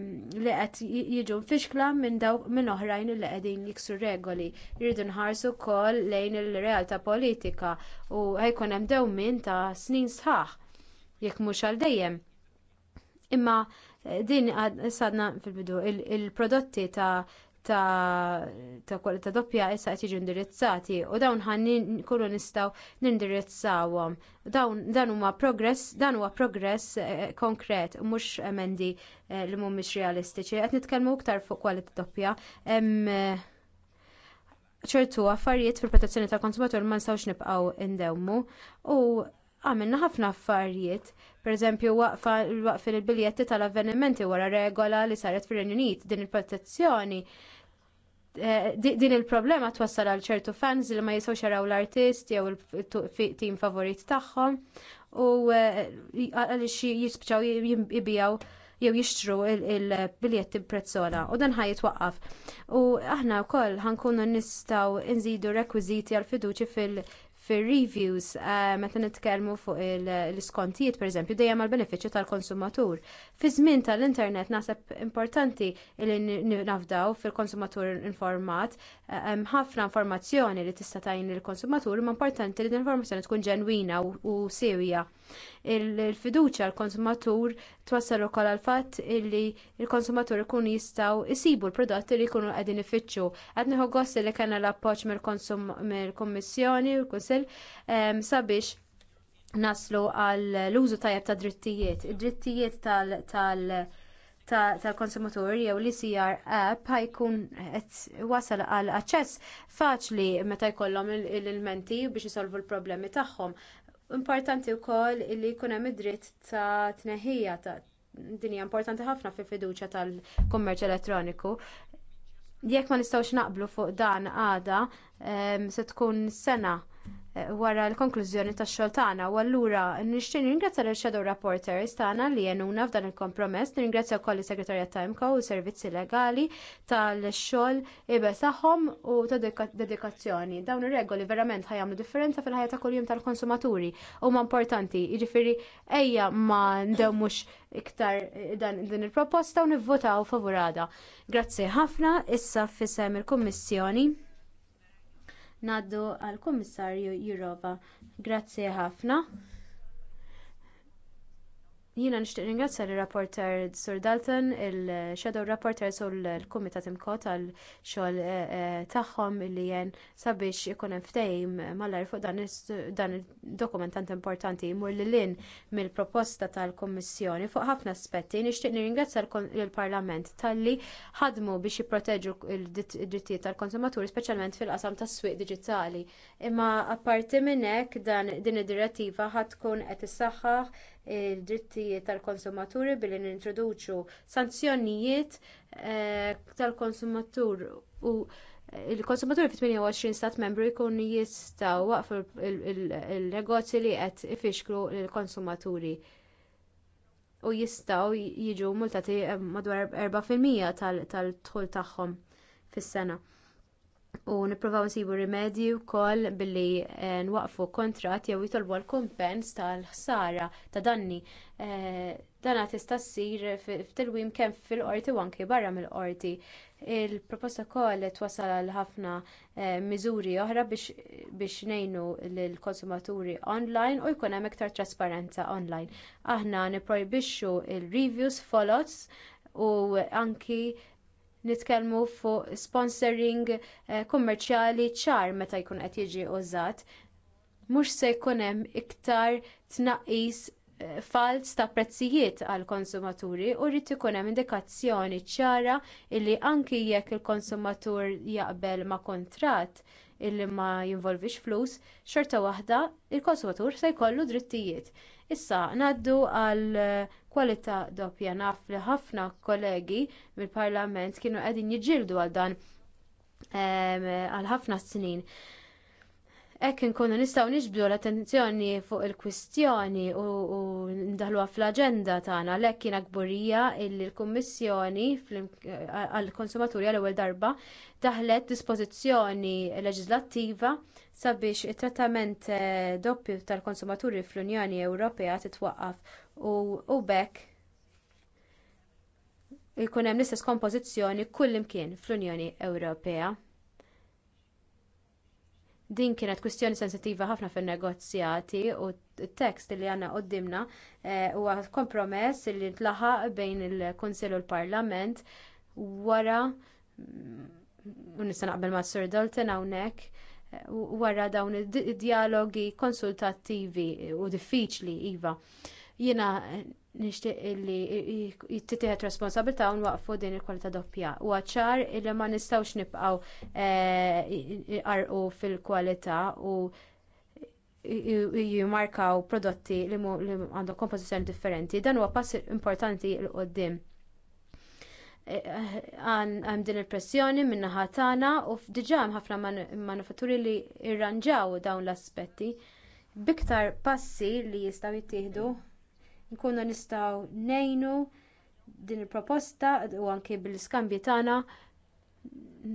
li qed jiġu mfixkla minn dawk minn oħrajn li qegħdin jiksu regoli. Jridu nħarsu wkoll lejn il-realtà politika u jkun hemm dewmien ta' snin sħaħ jekk mhux għal dejjem. Imma eh, din sadna fil-bidu il-prodotti ta' ta' kwalità doppja issa qed jiġu indirizzati u dawn ħannin nkunu nistgħu nindirizzawhom. Dan huwa progress, dan huwa progress eh, eh, konkret mhux emendi eh, li mhumiex realistiċi. Qed nitkellmu iktar fuq kwalità doppja. hemm ċertu affarijiet fil-protezzjoni tal-konsumatur ma nistgħux nibqgħu indewmu u għamilna ħafna affarijiet. pereżempju waqfa waqf' il-biljetti tal-avvenimenti wara regola li saret fir-Renju Unit din il-protezzjoni. Eh, din il-problema twassal għal ċertu fans li ma jisgħux jaraw l-artist jew il-tim favorit tagħhom u eh, għaliex jispiċċaw jibijaw jew jixtru il-biljetti b'prezzola u dan ħaj jitwaqqaf. U aħna wkoll ħankunu nistgħu nżidu rekwiżiti għal fiduċi fil- fir-reviews eh, meta nitkellmu fuq l-iskontijiet pereżempju dejjem għall benefiċċju tal-konsumatur. Fi żmien tal-internet naħseb importanti li nafdaw fil-konsumatur informat eh, hemm ħafna informazzjoni li tista' tajn lill konsumatur imma importanti li l-informazzjoni tkun ġenwina u sewja Il-fiduċja l-konsumatur twassal ukoll għal fatt li l-konsumatur ikun jistgħu jsibu l-prodotti li jkunu qegħdin ifittxu. Qed nieħu gost li kellna l-appoġġ mill-Kummissjoni u l-Kunsill sabiex naslu għal l-użu tajjeb ta' drittijiet. Id-drittijiet tal- tal-konsumatur jew l-ICR app ħajkun qed wasal għal aċċess faċli meta jkollhom l menti biex isolvu l-problemi tagħhom Importanti wkoll li jkun hemm id-dritt ta' tneħħija ta' dinja importanti ħafna fil fiduċja tal-kummerċ elettroniku. Jekk ma nistgħux naqblu fuq dan għada se tkun sena wara l-konklużjoni tax-xogħol tagħna u allura nixtieq ningrazzja lill shadow rapporters tagħna li għenuna f'dan il-kompromess, nirringrazzja wkoll is-Segretarjat ta' u s-servizzi legali tal-xogħol ibes tagħhom u ta' dedikazzjoni. Dawn ir-regoli verament ħajamlu differenza fil-ħajja ta' kuljum tal-konsumaturi huma importanti, jiġifieri ejja ma ndewmux iktar din il-proposta u nivvotaw favurada. Grazzi ħafna issa fisem il-Kummissjoni ngħaddu għall-kummissarju jourov grazzi ħafna Jiena nixtieq ringrazzja lir rapporter Sur Dalton, il-Shadow Rapporter sur l-Kumitat Imko tal-xogħol eh, eh, tagħhom li jen sabiex ikun hemm ftehim mallar fuq dan id-dokumentant importanti jmur lil lin mill-proposta tal-Kummissjoni fuq ħafna aspetti. Nixtieq nirringrazzja l-Parlament talli ħadmu biex jipproteġu d-drittijiet tal-konsumaturi speċjalment fil-qasam tas-swieq diġitali imma apparti minn hekk din id-direttiva ħadd tkun qed issaħħaħ id-drittijiet tal-konsumaturi billi nintroduċu sanzjonijiet eh, tal-konsumatur u eh, il-konsumaturi fi 28 stat membru jkun jistgħu waqfu il-negozji li qed ifixklu l-konsumaturi u jistgħu jiġu multati eh, madwar 4% tal-dħul tagħhom fis-sena u nipprovaw nsibu rimedji wkoll billi eh, nwaqfu kuntratt jew jitolbu l kumpens tal-ħsara ta' danni eh, dan tista' ssir f'tilwim kemm fil-qorti u anke barra mill-qorti il-proposta wkoll twassal għal ħafna eh, miżuri oħra biex ngħinu lill-konsumaturi online u jkun hemm iktar trasparenza online aħna nipprojbixxu l-reviews follows u anki nitkellmu fuq sponsoring eh, kummerċjali ċar meta jkun qed jiġi użat. Mhux se jkun hemm iktar tnaqqis eh, fals ta' prezzijiet għall konsumaturi u rrid ikun hemm indikazzjoni ċara li anki jekk il-konsumatur jaqbel ma' kuntratt illi ma jinvolvix flus, xorta waħda il-konsumatur se jkollu drittijiet. Issa ngħaddu għal eh, kwalità doppja naf li ħafna kollegi mill-Parlament kienu qegħdin jiġġieldu għal dan eh, għal ħafna snin. Hekk inkunu nistgħu niġbdu l-attenzjoni fuq il-kwistjoni u ndaħluha fl-aġenda tagħna għalhekk kien gburija li l-Kummissjoni għall-Konsumaturi għall-ewwel darba daħlet dispożizzjoni leġislattiva sabiex it-trattament eh, doppju tal-konsumaturi fl-Unjoni Ewropea titwaqqaf u bekk jkunem hemm l-istess kompożizzjoni kullimkien fl-Unjoni Ewropea. Din kienet kwistjoni sensittiva ħafna fin-negozjati u t-tekst li għandna quddiemna eh, huwa kompromess li tlaħaq bejn il-Kunsill u l-Parlament wara u mm, nista' naqbel ma' Sir Dalton hawnhekk eh, wara dawn id-dialogi konsultattivi u diffiċli iva. Eh, nixtieq illi jittitieħed responsabilità u nwaqfu din il-kwalità doppja. Huwa ċar illi ma nistgħux nibqgħu eh, arqu fil-kwalità u jimarkaw prodotti li għandhom kompożizzjoni differenti. Dan huwa pass importanti l qoddim eh, Għam din il-pressjoni minna ħatana tagħna u f'diġà hemm ħafna manufatturi li irranġaw dawn l-aspetti biktar passi li jistgħu jittieħdu nkunu nistgħu ngħinu din il-proposta u anke bil iskambju tagħna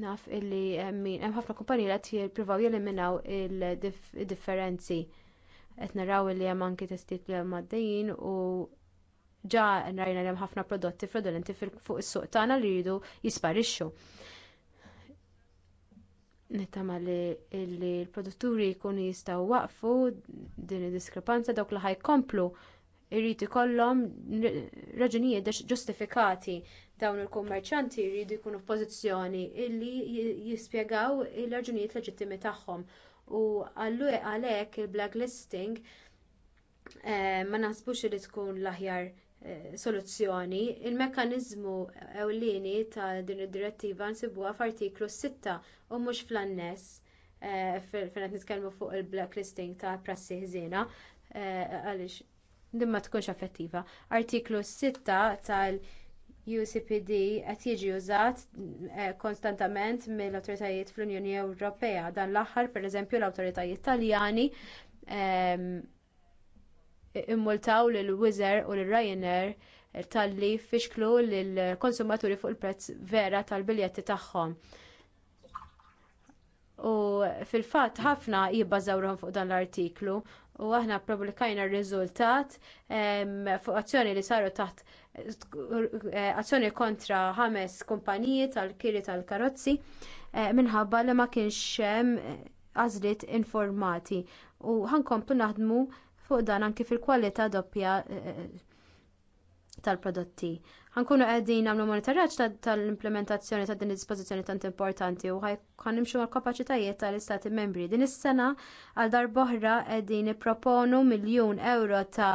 naf illi eh, hemm ħafna kumpaniji qed jippruvaw jeliminaw il-differenzi. Qed naraw illi hemm anke testijiet li hemm għaddejjin u ġa rajna li hemm ħafna prodotti fraudulenti fuq is-suq tagħna li jridu jisparixxu. Nittama li l-produtturi jkunu jistgħu waqfu din id-diskrepanza dawk li ħajkomplu komplu irrid ikollhom raġunijiet ġustifikati dawn il-kummerċanti jridu jkunu f'pożizzjoni li jispjegaw il-raġunijiet leġittimi tagħhom u għalhekk il-blacklisting eh, ma naħsbux li tkun l-aħjar eh, soluzzjoni. Il-mekkaniżmu ewlieni ta' din id-direttiva nsibuha f'artiklu 6 u mhux fl-anness eh, fejn qed nitkellmu fuq il-blacklisting ta' prassi ħżiena għaliex din ma tkunx effettiva. Artiklu 6 tal-UCPD qed jiġi użat eh, konstantament mill-awtoritajiet fl-Unjoni Ewropea. Dan l-aħħar pereżempju l-awtoritajiet Taljani ehm, immultaw lil wizer u lil Ryanair talli fixklu lill konsumaturi fuq il-prezz vera tal-biljetti tagħhom. U fil-fatt ħafna jibbażawrhom fuq dan l-artiklu u aħna publikajna r-riżultat fuq azzjoni li saru taħt eh, azzjoni kontra ħames kumpaniji tal-kiri tal-karozzi eh, minħabba li ma kienx hemm għażliet informati u ħankomplu naħdmu fuq dan anki fil-kwalità doppja eh, tal-prodotti ħankunu qegħdin nagħmlu monitoraġġ tal-implementazzjoni ta' din id-dispożizzjoni tant importanti u ħanimxu għal kapaċitajiet tal-istati membri. Din is-sena għal darb'oħra qegħdin nipproponu miljun euro ta'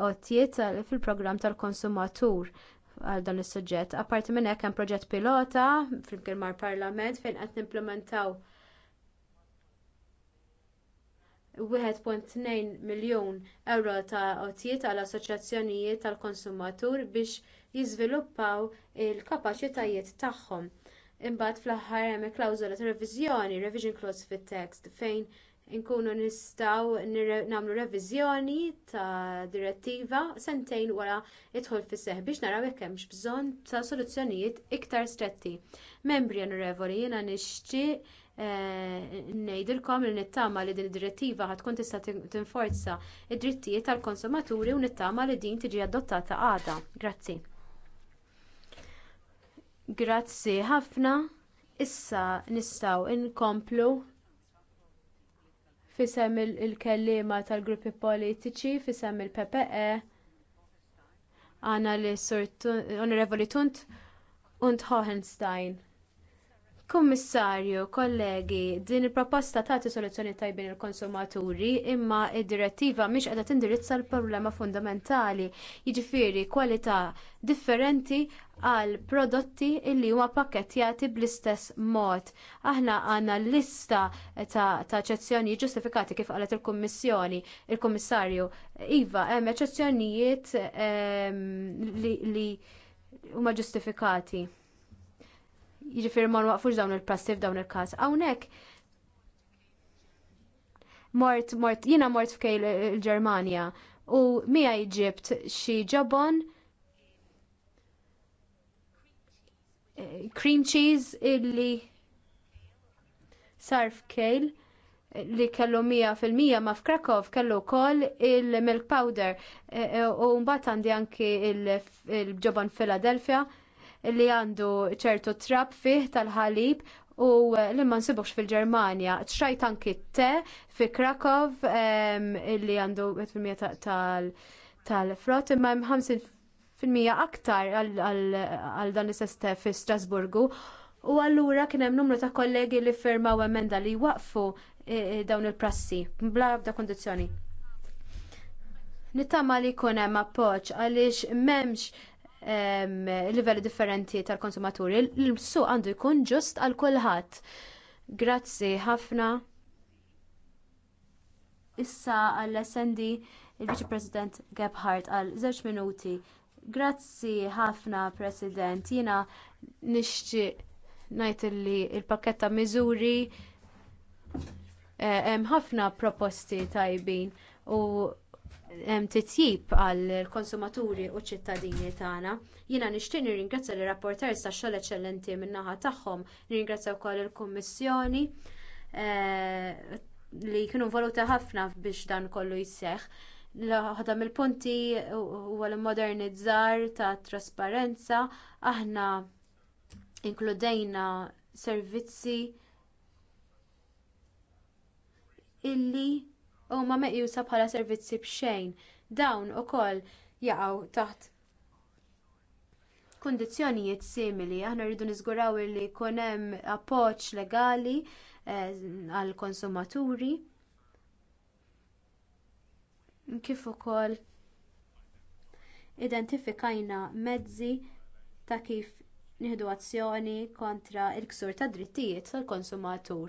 qotjiet eh, fil-programm tal-konsumatur għal dan is-suġġett. Apparti minn hekk hemm proġett pilota fil-Parlament fejn qed nimplementaw 1.2 miljun euro ta' għotjiet għal assoċjazzjonijiet tal-konsumatur biex jiżviluppaw il-kapaċitajiet tagħhom. Imbagħad fl-aħħar hemm klawżola ta' reviżjoni, revision clause fit-text, fejn inkunu nistgħu nagħmlu reviżjoni ta' direttiva sentejn wara idħol fis seħħ biex naraw jekk hemmx bżonn ta' soluzzjonijiet iktar stretti. Membri onorevoli, jiena nixtieq Eh, ngħidilkom li nittama li din id-direttiva ħad tkun tista' tinforza id-drittijiet tal-konsumaturi u nittama li din tiġi adottata għada. Grazzi. Grazzi ħafna. Issa nistgħu inkomplu fisem il-kellima tal-gruppi politiċi fisem il-PPE għana li sur Onorevoli Tunt und Hohenstein. Kummissarju, kollegi, din il-proposta tagħti soluzzjoni tajbin il-konsumaturi imma id-direttiva mhix qiegħda tindirizza l-problema fundamentali, jiġifieri kwalità differenti għal prodotti li huma pakkettjati bl-istess mod. Aħna għandna lista ta' eċċezzjonijiet ġustifikati kif qalet il-Kummissjoni, il-Kummissarju. Iva, hemm eċezzjonijiet ehm, li huma ġustifikati. Jiġifieri ma nwaqfux dawn il-prassi f'dawn il-każ. Hawnhekk mort mort jiena mort f'kejl il-Ġermanja u mija jġibt xi ġabon cream cheese illi sar f'kejl li kellu 100% ma f'Krakow kellu wkoll il-milk powder e, e, u mbagħad għandi anki il-ġoban Philadelphia li għandu ċertu trab fih tal-ħalib u eh, li ma nsibux fil-Ġermanja. Trajt anki te fi Krakow li għandu 100% tal-frott imma hemm 50% aktar għal dan is te fi Strasburgu. U allura kien hemm numru ta' kollegi li u emenda li waqfu eh, eh, dawn il-prassi bla bda kondizjoni. Nittama li jkun hemm għalix għaliex m'hemmx livelli differenti tal-konsumaturi, l-suq għandu jkun ġust għal kulħadd. Grazzi ħafna. Issa għall-SND il-Viċi President Gebhardt għal żewġ minuti. Grazzi ħafna President, jiena nixtieq ngħid li l pakkett ta' miżuri eh, hemm ħafna proposti tajbin u titjib għall konsumaturi u ċittadini tagħna. Jiena nixtieq nirringrazzja lir rapporters tax-xogħol eċċellenti min-naħa tagħhom, nirringrazzja wkoll il-Kummissjoni eh, li kienu voluta ħafna biex dan kollu jisseħħ. L-ħadha mill-punti huwa l-modernizzar ta' trasparenza, aħna inkludejna servizzi illi huma meqjusa bħala servizzi b'xejn dawn ukoll jaqgħu taħt kundizzjonijiet simili aħna rridu niżguraw li jkun hemm appoġġ legali eh, għall konsumaturi kif ukoll identifikajna mezzi ta' kif nieħdu azzjoni kontra l-ksur tad drittijiet tal-konsumatur